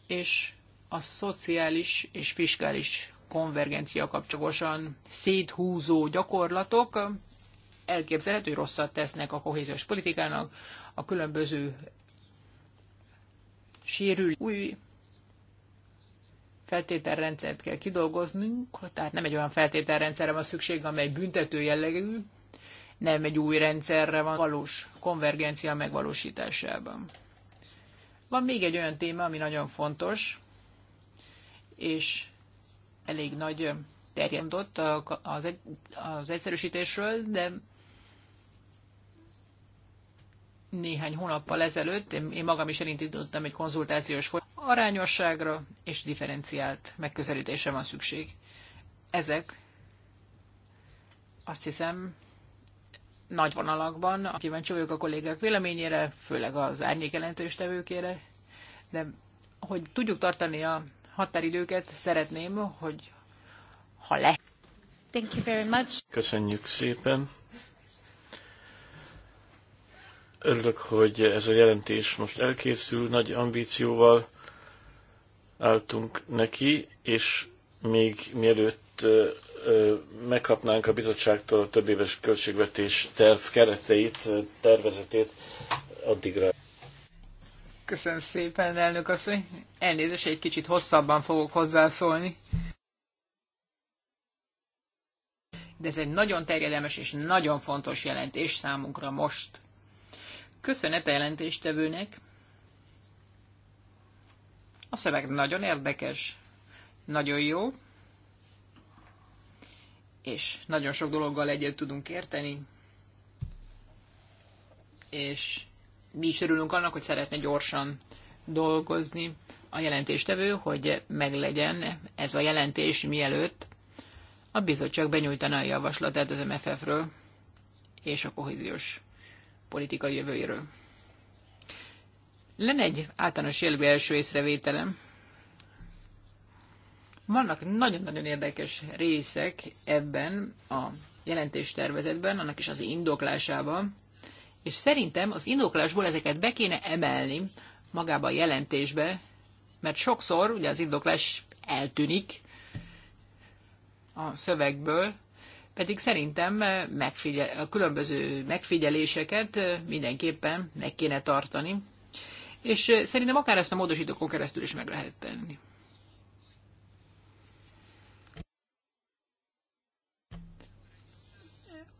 és a szociális és fiskális konvergencia kapcsolatosan széthúzó gyakorlatok elképzelhető, rosszat tesznek a kohéziós politikának, a különböző sérül új feltételrendszert kell kidolgoznunk, tehát nem egy olyan feltételrendszerre van szükség, amely büntető jellegű, nem egy új rendszerre van valós konvergencia megvalósításában. Van még egy olyan téma, ami nagyon fontos, és elég nagy terjedott az, egy, az egyszerűsítésről, de néhány hónappal ezelőtt én magam is elindítottam egy konzultációs folyamat. Arányosságra és differenciált megközelítésre van szükség. Ezek azt hiszem nagy vonalakban, kíváncsi vagyok a kollégák véleményére, főleg az árnyék tevőkére, de hogy tudjuk tartani a határidőket, szeretném, hogy ha le. Thank you very much. Köszönjük szépen. Örülök, hogy ez a jelentés most elkészül, nagy ambícióval álltunk neki, és még mielőtt megkapnánk a bizottságtól a több éves költségvetés terv kereteit, tervezetét addigra. Köszönöm szépen, elnök asszony. Elnézést, egy kicsit hosszabban fogok hozzászólni. De ez egy nagyon terjedelmes és nagyon fontos jelentés számunkra most. Köszönet a jelentéstevőnek. A szöveg nagyon érdekes, nagyon jó, és nagyon sok dologgal egyet tudunk érteni, és mi is örülünk annak, hogy szeretne gyorsan dolgozni a jelentéstevő, hogy meglegyen ez a jelentés mielőtt a bizottság benyújtana a javaslatát az MFF-ről és a kohéziós politikai jövőjéről. Lenne egy általános jellegű első észrevételem. Vannak nagyon-nagyon érdekes részek ebben a jelentéstervezetben, annak is az indoklásában, és szerintem az indoklásból ezeket be kéne emelni magába a jelentésbe, mert sokszor ugye az indoklás eltűnik a szövegből, pedig szerintem megfigyel, a különböző megfigyeléseket mindenképpen meg kéne tartani, és szerintem akár ezt a módosítókon keresztül is meg lehet tenni.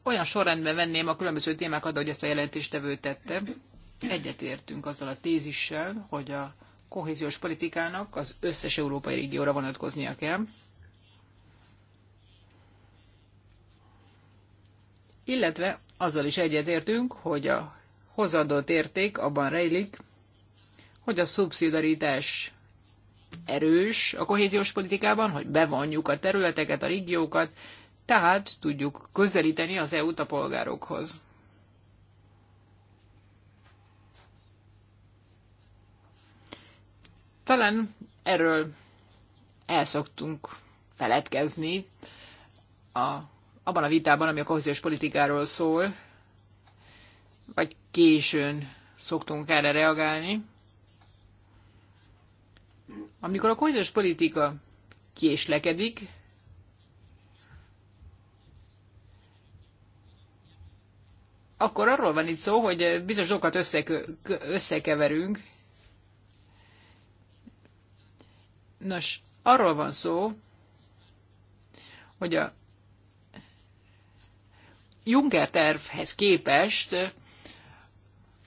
olyan sorrendben venném a különböző témákat, ahogy ezt a jelentéstevő tette. Egyetértünk azzal a tézissel, hogy a kohéziós politikának az összes európai régióra vonatkoznia kell. Illetve azzal is egyetértünk, hogy a hozadott érték abban rejlik, hogy a szubszidaritás erős a kohéziós politikában, hogy bevonjuk a területeket, a régiókat, tehát tudjuk közelíteni az EU-t a polgárokhoz. Talán erről elszoktunk feledkezni a, abban a vitában, ami a kohéziós politikáról szól, vagy későn szoktunk erre reagálni. Amikor a kohéziós politika késlekedik, akkor arról van itt szó, hogy bizonyos dolgokat összekeverünk. Nos, arról van szó, hogy a Juncker tervhez képest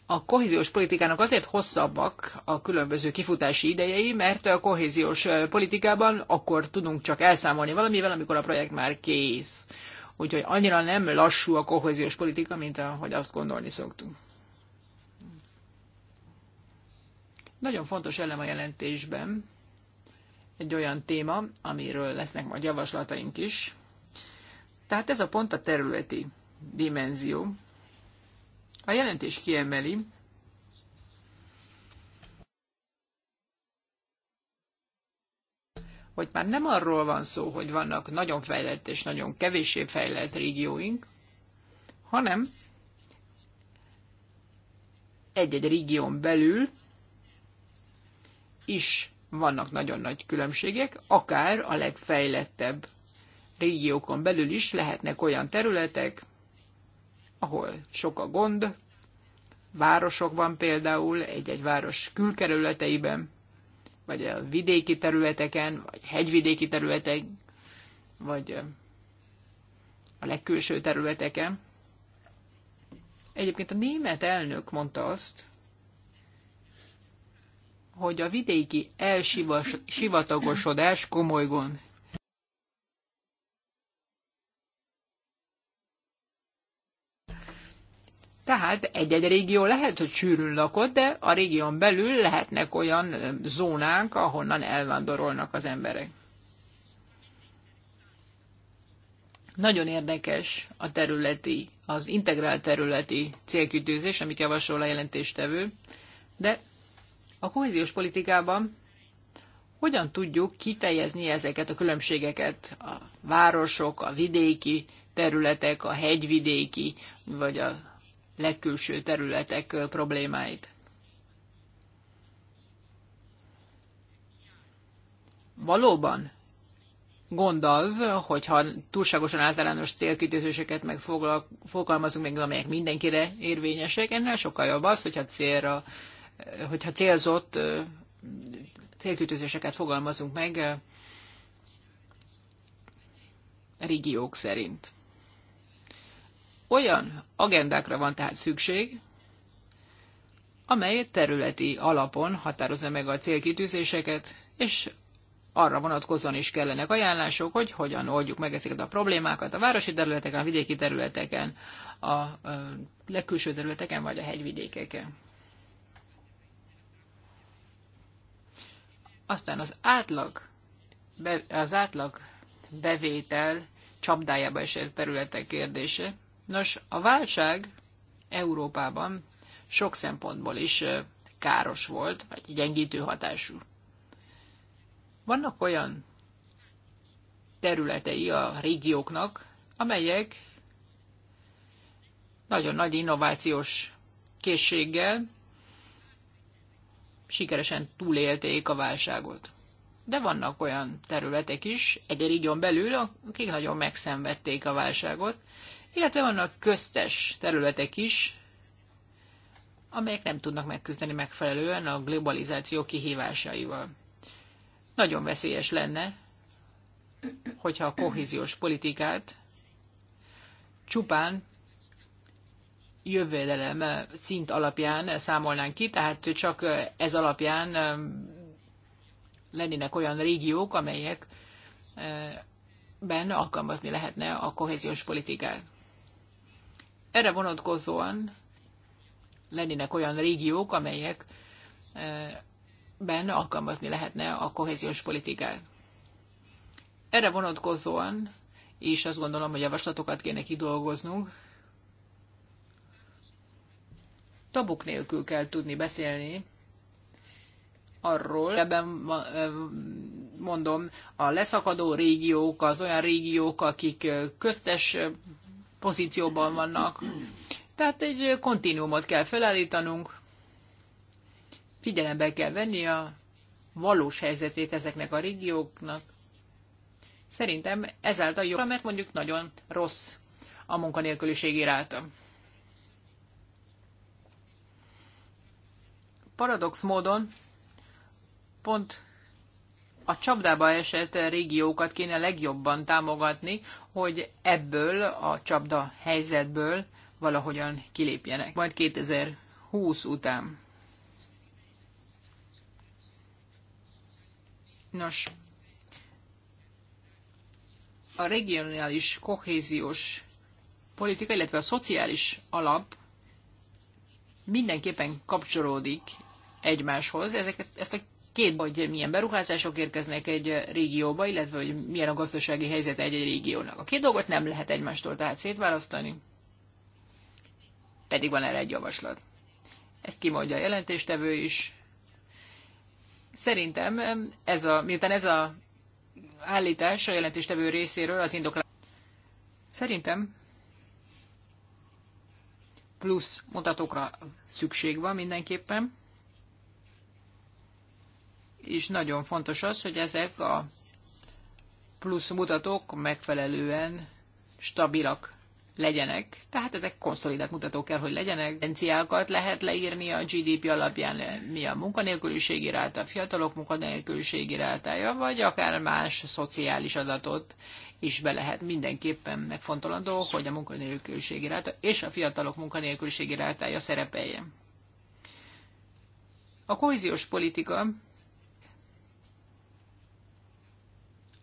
a kohéziós politikának azért hosszabbak a különböző kifutási idejei, mert a kohéziós politikában akkor tudunk csak elszámolni valamivel, amikor a projekt már kész úgyhogy annyira nem lassú a kohéziós politika, mint ahogy azt gondolni szoktunk. Nagyon fontos elem a jelentésben egy olyan téma, amiről lesznek majd javaslataink is. Tehát ez a pont a területi dimenzió. A jelentés kiemeli, hogy már nem arról van szó, hogy vannak nagyon fejlett és nagyon kevésbé fejlett régióink, hanem egy-egy régión belül is vannak nagyon nagy különbségek, akár a legfejlettebb régiókon belül is lehetnek olyan területek, ahol sok a gond, városokban például, egy-egy város külkerületeiben, vagy a vidéki területeken, vagy hegyvidéki területek, vagy a legkülső területeken. Egyébként a német elnök mondta azt, hogy a vidéki elsivatagosodás komoly gond. Tehát egy-egy régió lehet, hogy sűrűn lakott, de a régión belül lehetnek olyan zónák, ahonnan elvándorolnak az emberek. Nagyon érdekes a területi, az integrált területi célkütőzés, amit javasol a jelentéstevő, de a kohéziós politikában hogyan tudjuk kitejezni ezeket a különbségeket, a városok, a vidéki területek, a hegyvidéki, vagy a legkülső területek problémáit. Valóban gond az, hogyha túlságosan általános célkitűzéseket megfogalmazunk, meg amelyek mindenkire érvényesek, ennél sokkal jobb az, hogyha, célra, hogyha célzott célkitűzéseket fogalmazunk meg régiók szerint. Olyan agendákra van tehát szükség, amely területi alapon határozza meg a célkitűzéseket, és arra vonatkozóan is kellenek ajánlások, hogy hogyan oldjuk meg ezeket a problémákat a városi területeken, a vidéki területeken, a legkülső területeken vagy a hegyvidékeken. Aztán az átlag, be, az átlag bevétel csapdájába esett területek kérdése. Nos, a válság Európában sok szempontból is káros volt, vagy gyengítő hatású. Vannak olyan területei a régióknak, amelyek nagyon nagy innovációs készséggel sikeresen túlélték a válságot. De vannak olyan területek is, egy régión belül, akik nagyon megszenvedték a válságot, illetve vannak köztes területek is, amelyek nem tudnak megküzdeni megfelelően a globalizáció kihívásaival. Nagyon veszélyes lenne, hogyha a kohéziós politikát csupán jövedelem szint alapján számolnánk ki, tehát csak ez alapján lennének olyan régiók, amelyekben alkalmazni lehetne a kohéziós politikát erre vonatkozóan lennének olyan régiók, amelyek eh, benne alkalmazni lehetne a kohéziós politikát. Erre vonatkozóan és azt gondolom, hogy javaslatokat kéne kidolgoznunk. Tabuk nélkül kell tudni beszélni arról, ebben eh, mondom, a leszakadó régiók, az olyan régiók, akik eh, köztes pozícióban vannak. Tehát egy kontinuumot kell felállítanunk, figyelembe kell venni a valós helyzetét ezeknek a régióknak. Szerintem ezáltal jó, mert mondjuk nagyon rossz a munkanélküliség iráta. Paradox módon pont a csapdába esett régiókat kéne legjobban támogatni, hogy ebből a csapda helyzetből valahogyan kilépjenek. Majd 2020 után. Nos, a regionális kohéziós politika, illetve a szociális alap mindenképpen kapcsolódik egymáshoz. Ezeket, ezt a Két, hogy milyen beruházások érkeznek egy régióba, illetve hogy milyen a gazdasági helyzet egy-egy régiónak. A két dolgot nem lehet egymástól tehát szétválasztani, pedig van erre egy javaslat. Ezt kimondja a jelentéstevő is. Szerintem ez a, miután ez a állítás a jelentéstevő részéről az indoklás. Szerintem plusz mutatókra szükség van mindenképpen is nagyon fontos az, hogy ezek a plusz mutatók megfelelően stabilak legyenek, tehát ezek konszolidált mutatók kell, hogy legyenek. Tendenciákat lehet leírni a GDP alapján, mi a munkanélküliség iráta, a fiatalok munkanélküliség irátája, vagy akár más szociális adatot is be lehet. Mindenképpen megfontolandó, hogy a munkanélküliség iráta és a fiatalok munkanélküliség irátája szerepeljen. A kohéziós politika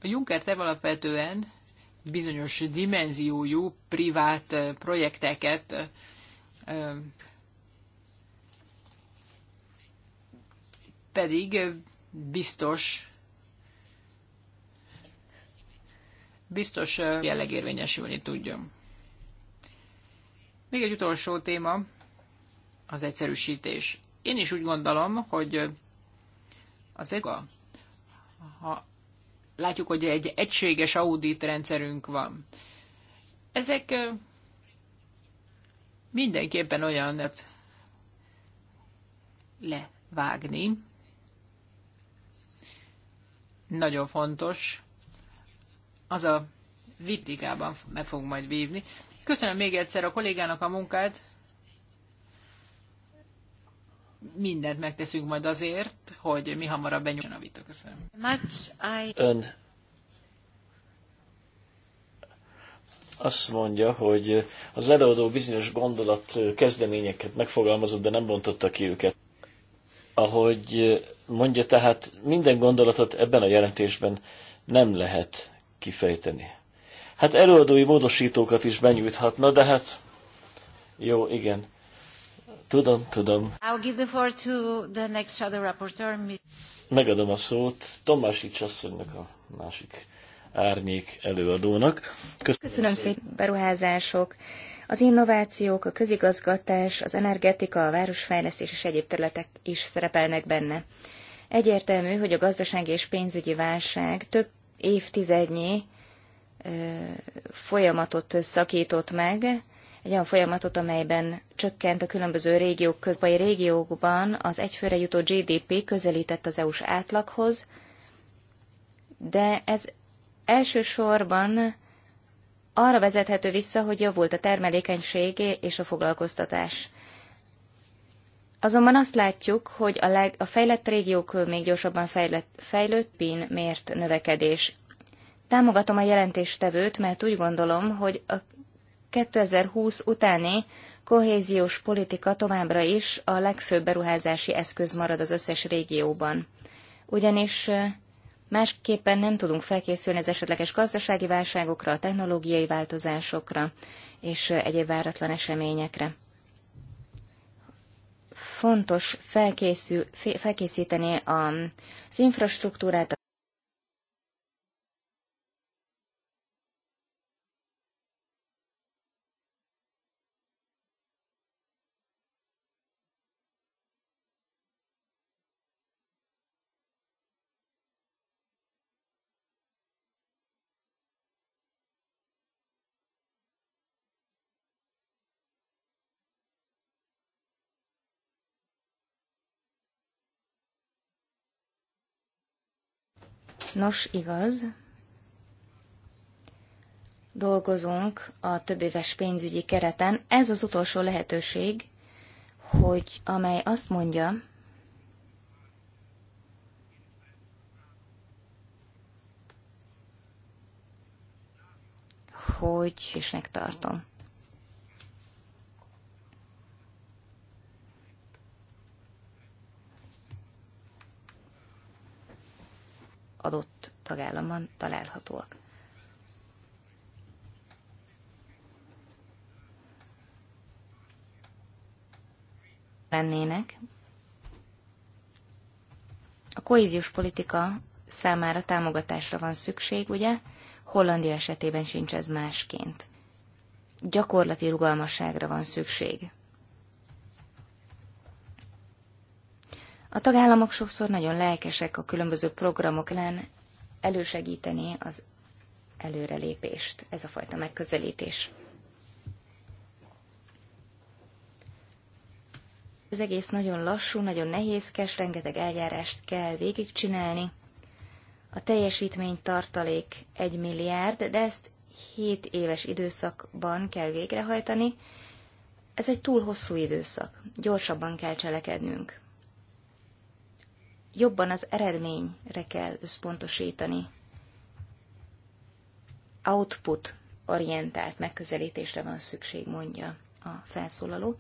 A Juncker terv alapvetően bizonyos dimenziójú privát projekteket pedig biztos biztos jelleg érvényesülni tudjon. Még egy utolsó téma, az egyszerűsítés. Én is úgy gondolom, hogy az egy... Ha látjuk, hogy egy egységes audit rendszerünk van. Ezek mindenképpen olyan levágni. Nagyon fontos. Az a vitikában meg fogunk majd vívni. Köszönöm még egyszer a kollégának a munkát mindent megteszünk majd azért, hogy mi hamarabb benyújtson a vita. Köszönöm. Much I... Ön azt mondja, hogy az előadó bizonyos gondolat kezdeményeket megfogalmazott, de nem bontotta ki őket. Ahogy mondja, tehát minden gondolatot ebben a jelentésben nem lehet kifejteni. Hát előadói módosítókat is benyújthatna, de hát jó, igen. Tudom, tudom. I'll give the floor to the next shadow rapporteur. Megadom a szót Tomásics asszonynak a másik árnyék előadónak. Köszönöm, Köszönöm szépen beruházások. Az innovációk, a közigazgatás, az energetika, a városfejlesztés és egyéb területek is szerepelnek benne. Egyértelmű, hogy a gazdasági és pénzügyi válság több évtizednyi ö, folyamatot szakított meg, egy olyan folyamatot, amelyben csökkent a különböző régiók A régiókban az egyfőre jutó GDP közelített az EU-s átlaghoz, de ez elsősorban arra vezethető vissza, hogy javult a termelékenység és a foglalkoztatás. Azonban azt látjuk, hogy a, leg, a fejlett régiók még gyorsabban fejlett, fejlőtt PIN mért növekedés. Támogatom a jelentéstevőt, mert úgy gondolom, hogy a 2020 utáni kohéziós politika továbbra is a legfőbb beruházási eszköz marad az összes régióban. Ugyanis másképpen nem tudunk felkészülni az esetleges gazdasági válságokra, a technológiai változásokra és egyéb váratlan eseményekre. Fontos felkészíteni az infrastruktúrát, Nos, igaz. Dolgozunk a többéves pénzügyi kereten. Ez az utolsó lehetőség, hogy amely azt mondja, hogy isnek tartom. adott tagállamban találhatóak. lennének. A kohéziós politika számára támogatásra van szükség, ugye? Hollandia esetében sincs ez másként. Gyakorlati rugalmasságra van szükség. A tagállamok sokszor nagyon lelkesek a különböző programoknál elősegíteni az előrelépést, ez a fajta megközelítés. Ez egész nagyon lassú, nagyon nehézkes, rengeteg eljárást kell végigcsinálni. A teljesítmény tartalék 1 milliárd, de ezt 7 éves időszakban kell végrehajtani. Ez egy túl hosszú időszak. Gyorsabban kell cselekednünk jobban az eredményre kell összpontosítani. Output orientált megközelítésre van szükség, mondja a felszólaló.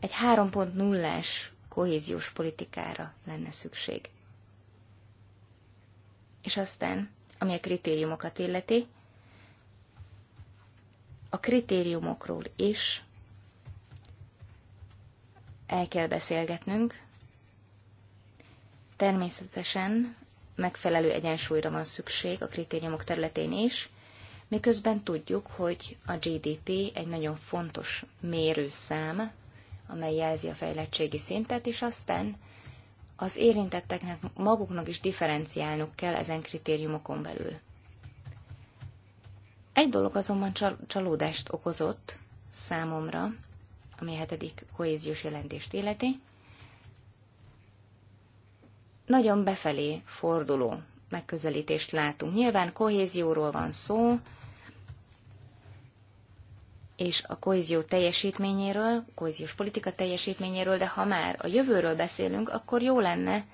Egy 3.0-as kohéziós politikára lenne szükség. És aztán, ami a kritériumokat illeti, a kritériumokról is el kell beszélgetnünk, Természetesen megfelelő egyensúlyra van szükség a kritériumok területén is, miközben tudjuk, hogy a GDP egy nagyon fontos mérőszám, amely jelzi a fejlettségi szintet, és aztán az érintetteknek maguknak is differenciálnuk kell ezen kritériumokon belül. Egy dolog azonban csalódást okozott számomra, ami a hetedik kohéziós jelentést életi, nagyon befelé forduló megközelítést látunk. Nyilván kohézióról van szó, és a kohézió teljesítményéről, kohéziós politika teljesítményéről, de ha már a jövőről beszélünk, akkor jó lenne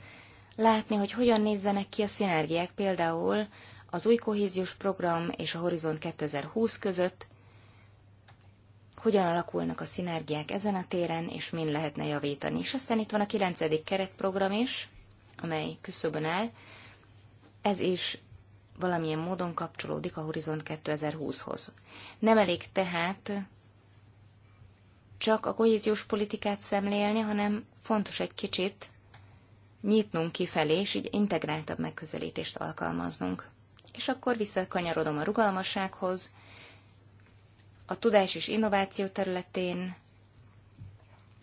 látni, hogy hogyan nézzenek ki a szinergiák például az új kohéziós program és a Horizont 2020 között, hogyan alakulnak a szinergiák ezen a téren, és min lehetne javítani. És aztán itt van a 9. keretprogram is, amely küszöbön áll, ez is valamilyen módon kapcsolódik a Horizont 2020-hoz. Nem elég tehát csak a kohéziós politikát szemlélni, hanem fontos egy kicsit nyitnunk kifelé, és így integráltabb megközelítést alkalmaznunk. És akkor visszakanyarodom a rugalmassághoz, a tudás és innováció területén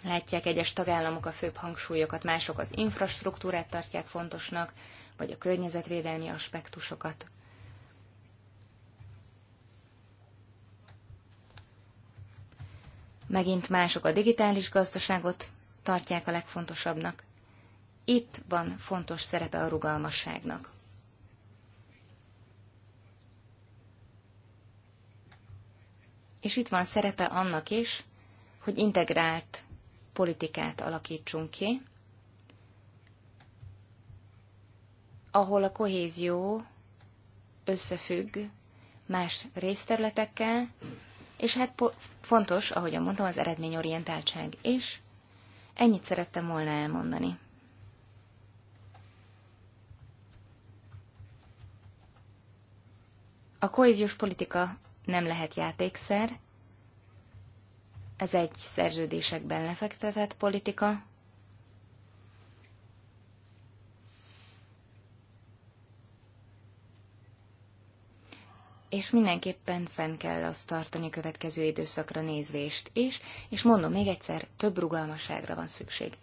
Látják egyes tagállamok a főbb hangsúlyokat, mások az infrastruktúrát tartják fontosnak, vagy a környezetvédelmi aspektusokat. Megint mások a digitális gazdaságot tartják a legfontosabbnak. Itt van fontos szerepe a rugalmasságnak. És itt van szerepe annak is, hogy integrált politikát alakítsunk ki, ahol a kohézió összefügg más részterületekkel, és hát fontos, ahogyan mondtam, az eredményorientáltság is. Ennyit szerettem volna elmondani. A kohéziós politika nem lehet játékszer, ez egy szerződésekben lefektetett politika. És mindenképpen fenn kell azt tartani a következő időszakra nézvést is, és mondom még egyszer, több rugalmasságra van szükség.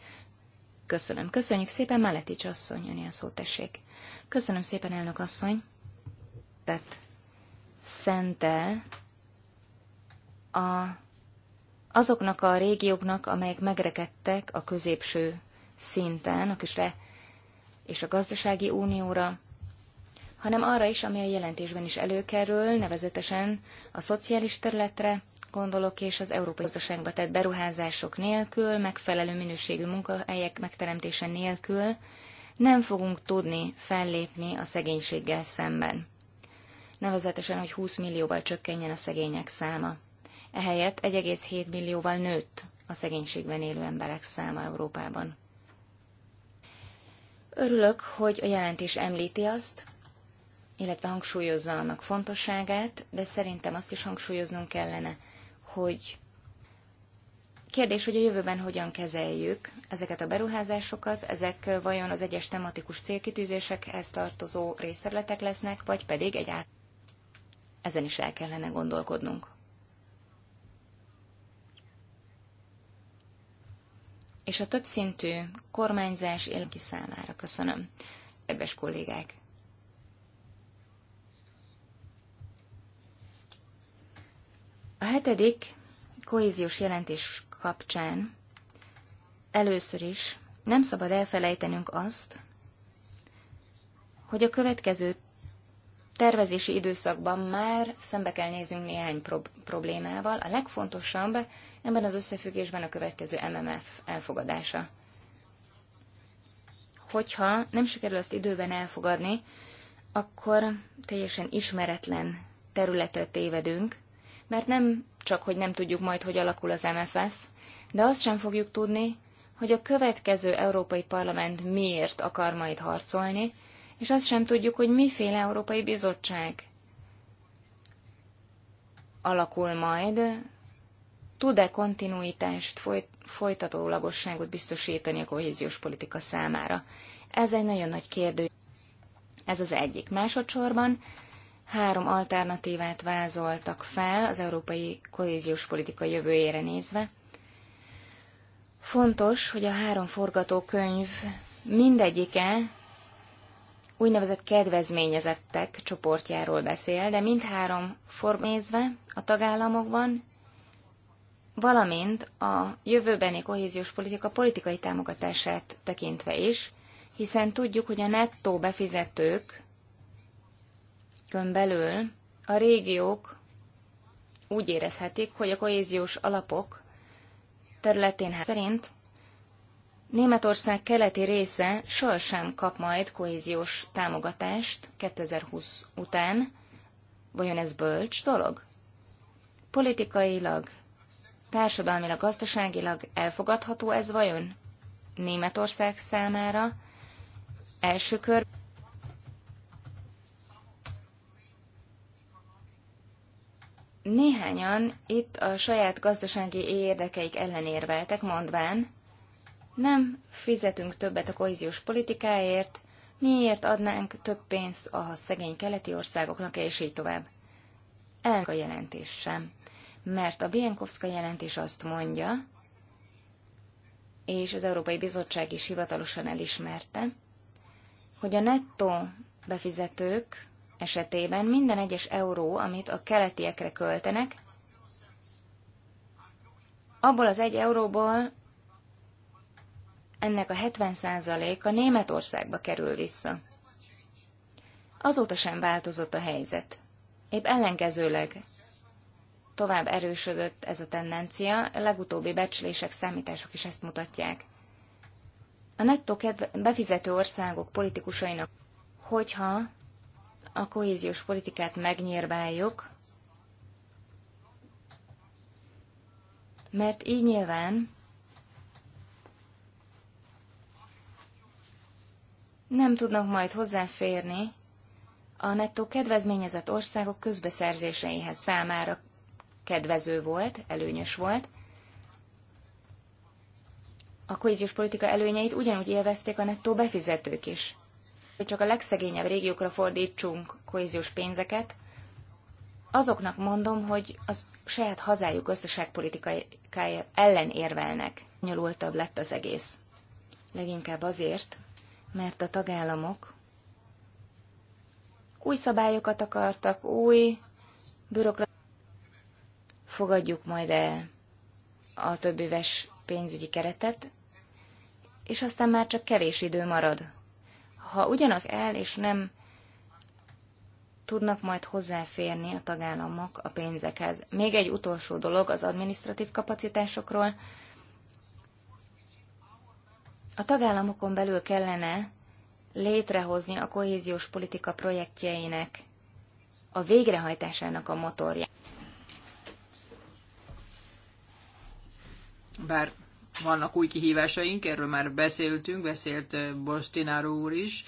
Köszönöm. Köszönjük szépen, Meletics asszony, jönni a szót tessék. Köszönöm szépen, elnök asszony. Tehát szentel a azoknak a régióknak, amelyek megrekedtek a középső szinten, a kisre és a gazdasági unióra, hanem arra is, ami a jelentésben is előkerül, nevezetesen a szociális területre gondolok, és az európai gazdaságba tett beruházások nélkül, megfelelő minőségű munkahelyek megteremtése nélkül nem fogunk tudni fellépni a szegénységgel szemben. Nevezetesen, hogy 20 millióval csökkenjen a szegények száma ehelyett 1,7 millióval nőtt a szegénységben élő emberek száma Európában. Örülök, hogy a jelentés említi azt, illetve hangsúlyozza annak fontosságát, de szerintem azt is hangsúlyoznunk kellene, hogy kérdés, hogy a jövőben hogyan kezeljük ezeket a beruházásokat, ezek vajon az egyes tematikus célkitűzésekhez tartozó részterületek lesznek, vagy pedig egy át... Ezen is el kellene gondolkodnunk. és a többszintű kormányzás élki számára. Köszönöm, kedves kollégák! A hetedik kohéziós jelentés kapcsán először is nem szabad elfelejtenünk azt, hogy a következő tervezési időszakban már szembe kell néznünk néhány prob- problémával. A legfontosabb ebben az összefüggésben a következő MMF elfogadása. Hogyha nem sikerül azt időben elfogadni, akkor teljesen ismeretlen területre tévedünk, mert nem csak, hogy nem tudjuk majd, hogy alakul az MFF, de azt sem fogjuk tudni, hogy a következő Európai Parlament miért akar majd harcolni, és azt sem tudjuk, hogy miféle Európai Bizottság alakul majd, tud-e kontinuitást, folyt, folytatólagosságot biztosítani a kohéziós politika számára. Ez egy nagyon nagy kérdő. Ez az egyik. Másodszorban három alternatívát vázoltak fel az európai kohéziós politika jövőjére nézve. Fontos, hogy a három forgatókönyv mindegyike úgynevezett kedvezményezettek csoportjáról beszél, de mindhárom formézve a tagállamokban, valamint a jövőbeni kohéziós politika politikai támogatását tekintve is, hiszen tudjuk, hogy a nettó befizetők belül a régiók úgy érezhetik, hogy a kohéziós alapok területén hát, szerint Németország keleti része sohasem kap majd kohéziós támogatást 2020 után. Vajon ez bölcs dolog? Politikailag, társadalmilag, gazdaságilag elfogadható ez vajon? Németország számára első kör. Néhányan itt a saját gazdasági érdekeik ellenérveltek, mondván, nem fizetünk többet a kohéziós politikáért, miért adnánk több pénzt a szegény keleti országoknak, és így tovább. El a jelentés sem, mert a Bienkowska jelentés azt mondja, és az Európai Bizottság is hivatalosan elismerte, hogy a nettó befizetők esetében minden egyes euró, amit a keletiekre költenek, abból az egy euróból ennek a 70%-a Németországba kerül vissza. Azóta sem változott a helyzet. Épp ellenkezőleg tovább erősödött ez a tendencia, a legutóbbi becslések, számítások is ezt mutatják. A nettó befizető országok politikusainak, hogyha a kohéziós politikát megnyírváljuk, mert így nyilván nem tudnak majd hozzáférni a nettó kedvezményezett országok közbeszerzéseihez számára kedvező volt, előnyös volt. A kohéziós politika előnyeit ugyanúgy élvezték a nettó befizetők is. Hogy csak a legszegényebb régiókra fordítsunk kohéziós pénzeket, azoknak mondom, hogy az saját hazájuk gazdaságpolitikája ellen érvelnek. Nyolultabb lett az egész. Leginkább azért, mert a tagállamok új szabályokat akartak, új bürokrat... Fogadjuk majd el a többéves pénzügyi keretet, és aztán már csak kevés idő marad. Ha ugyanaz el, és nem tudnak majd hozzáférni a tagállamok a pénzekhez. Még egy utolsó dolog az administratív kapacitásokról. A tagállamokon belül kellene létrehozni a kohéziós politika projektjeinek a végrehajtásának a motorját. Bár vannak új kihívásaink, erről már beszéltünk, beszélt Bostináró úr is,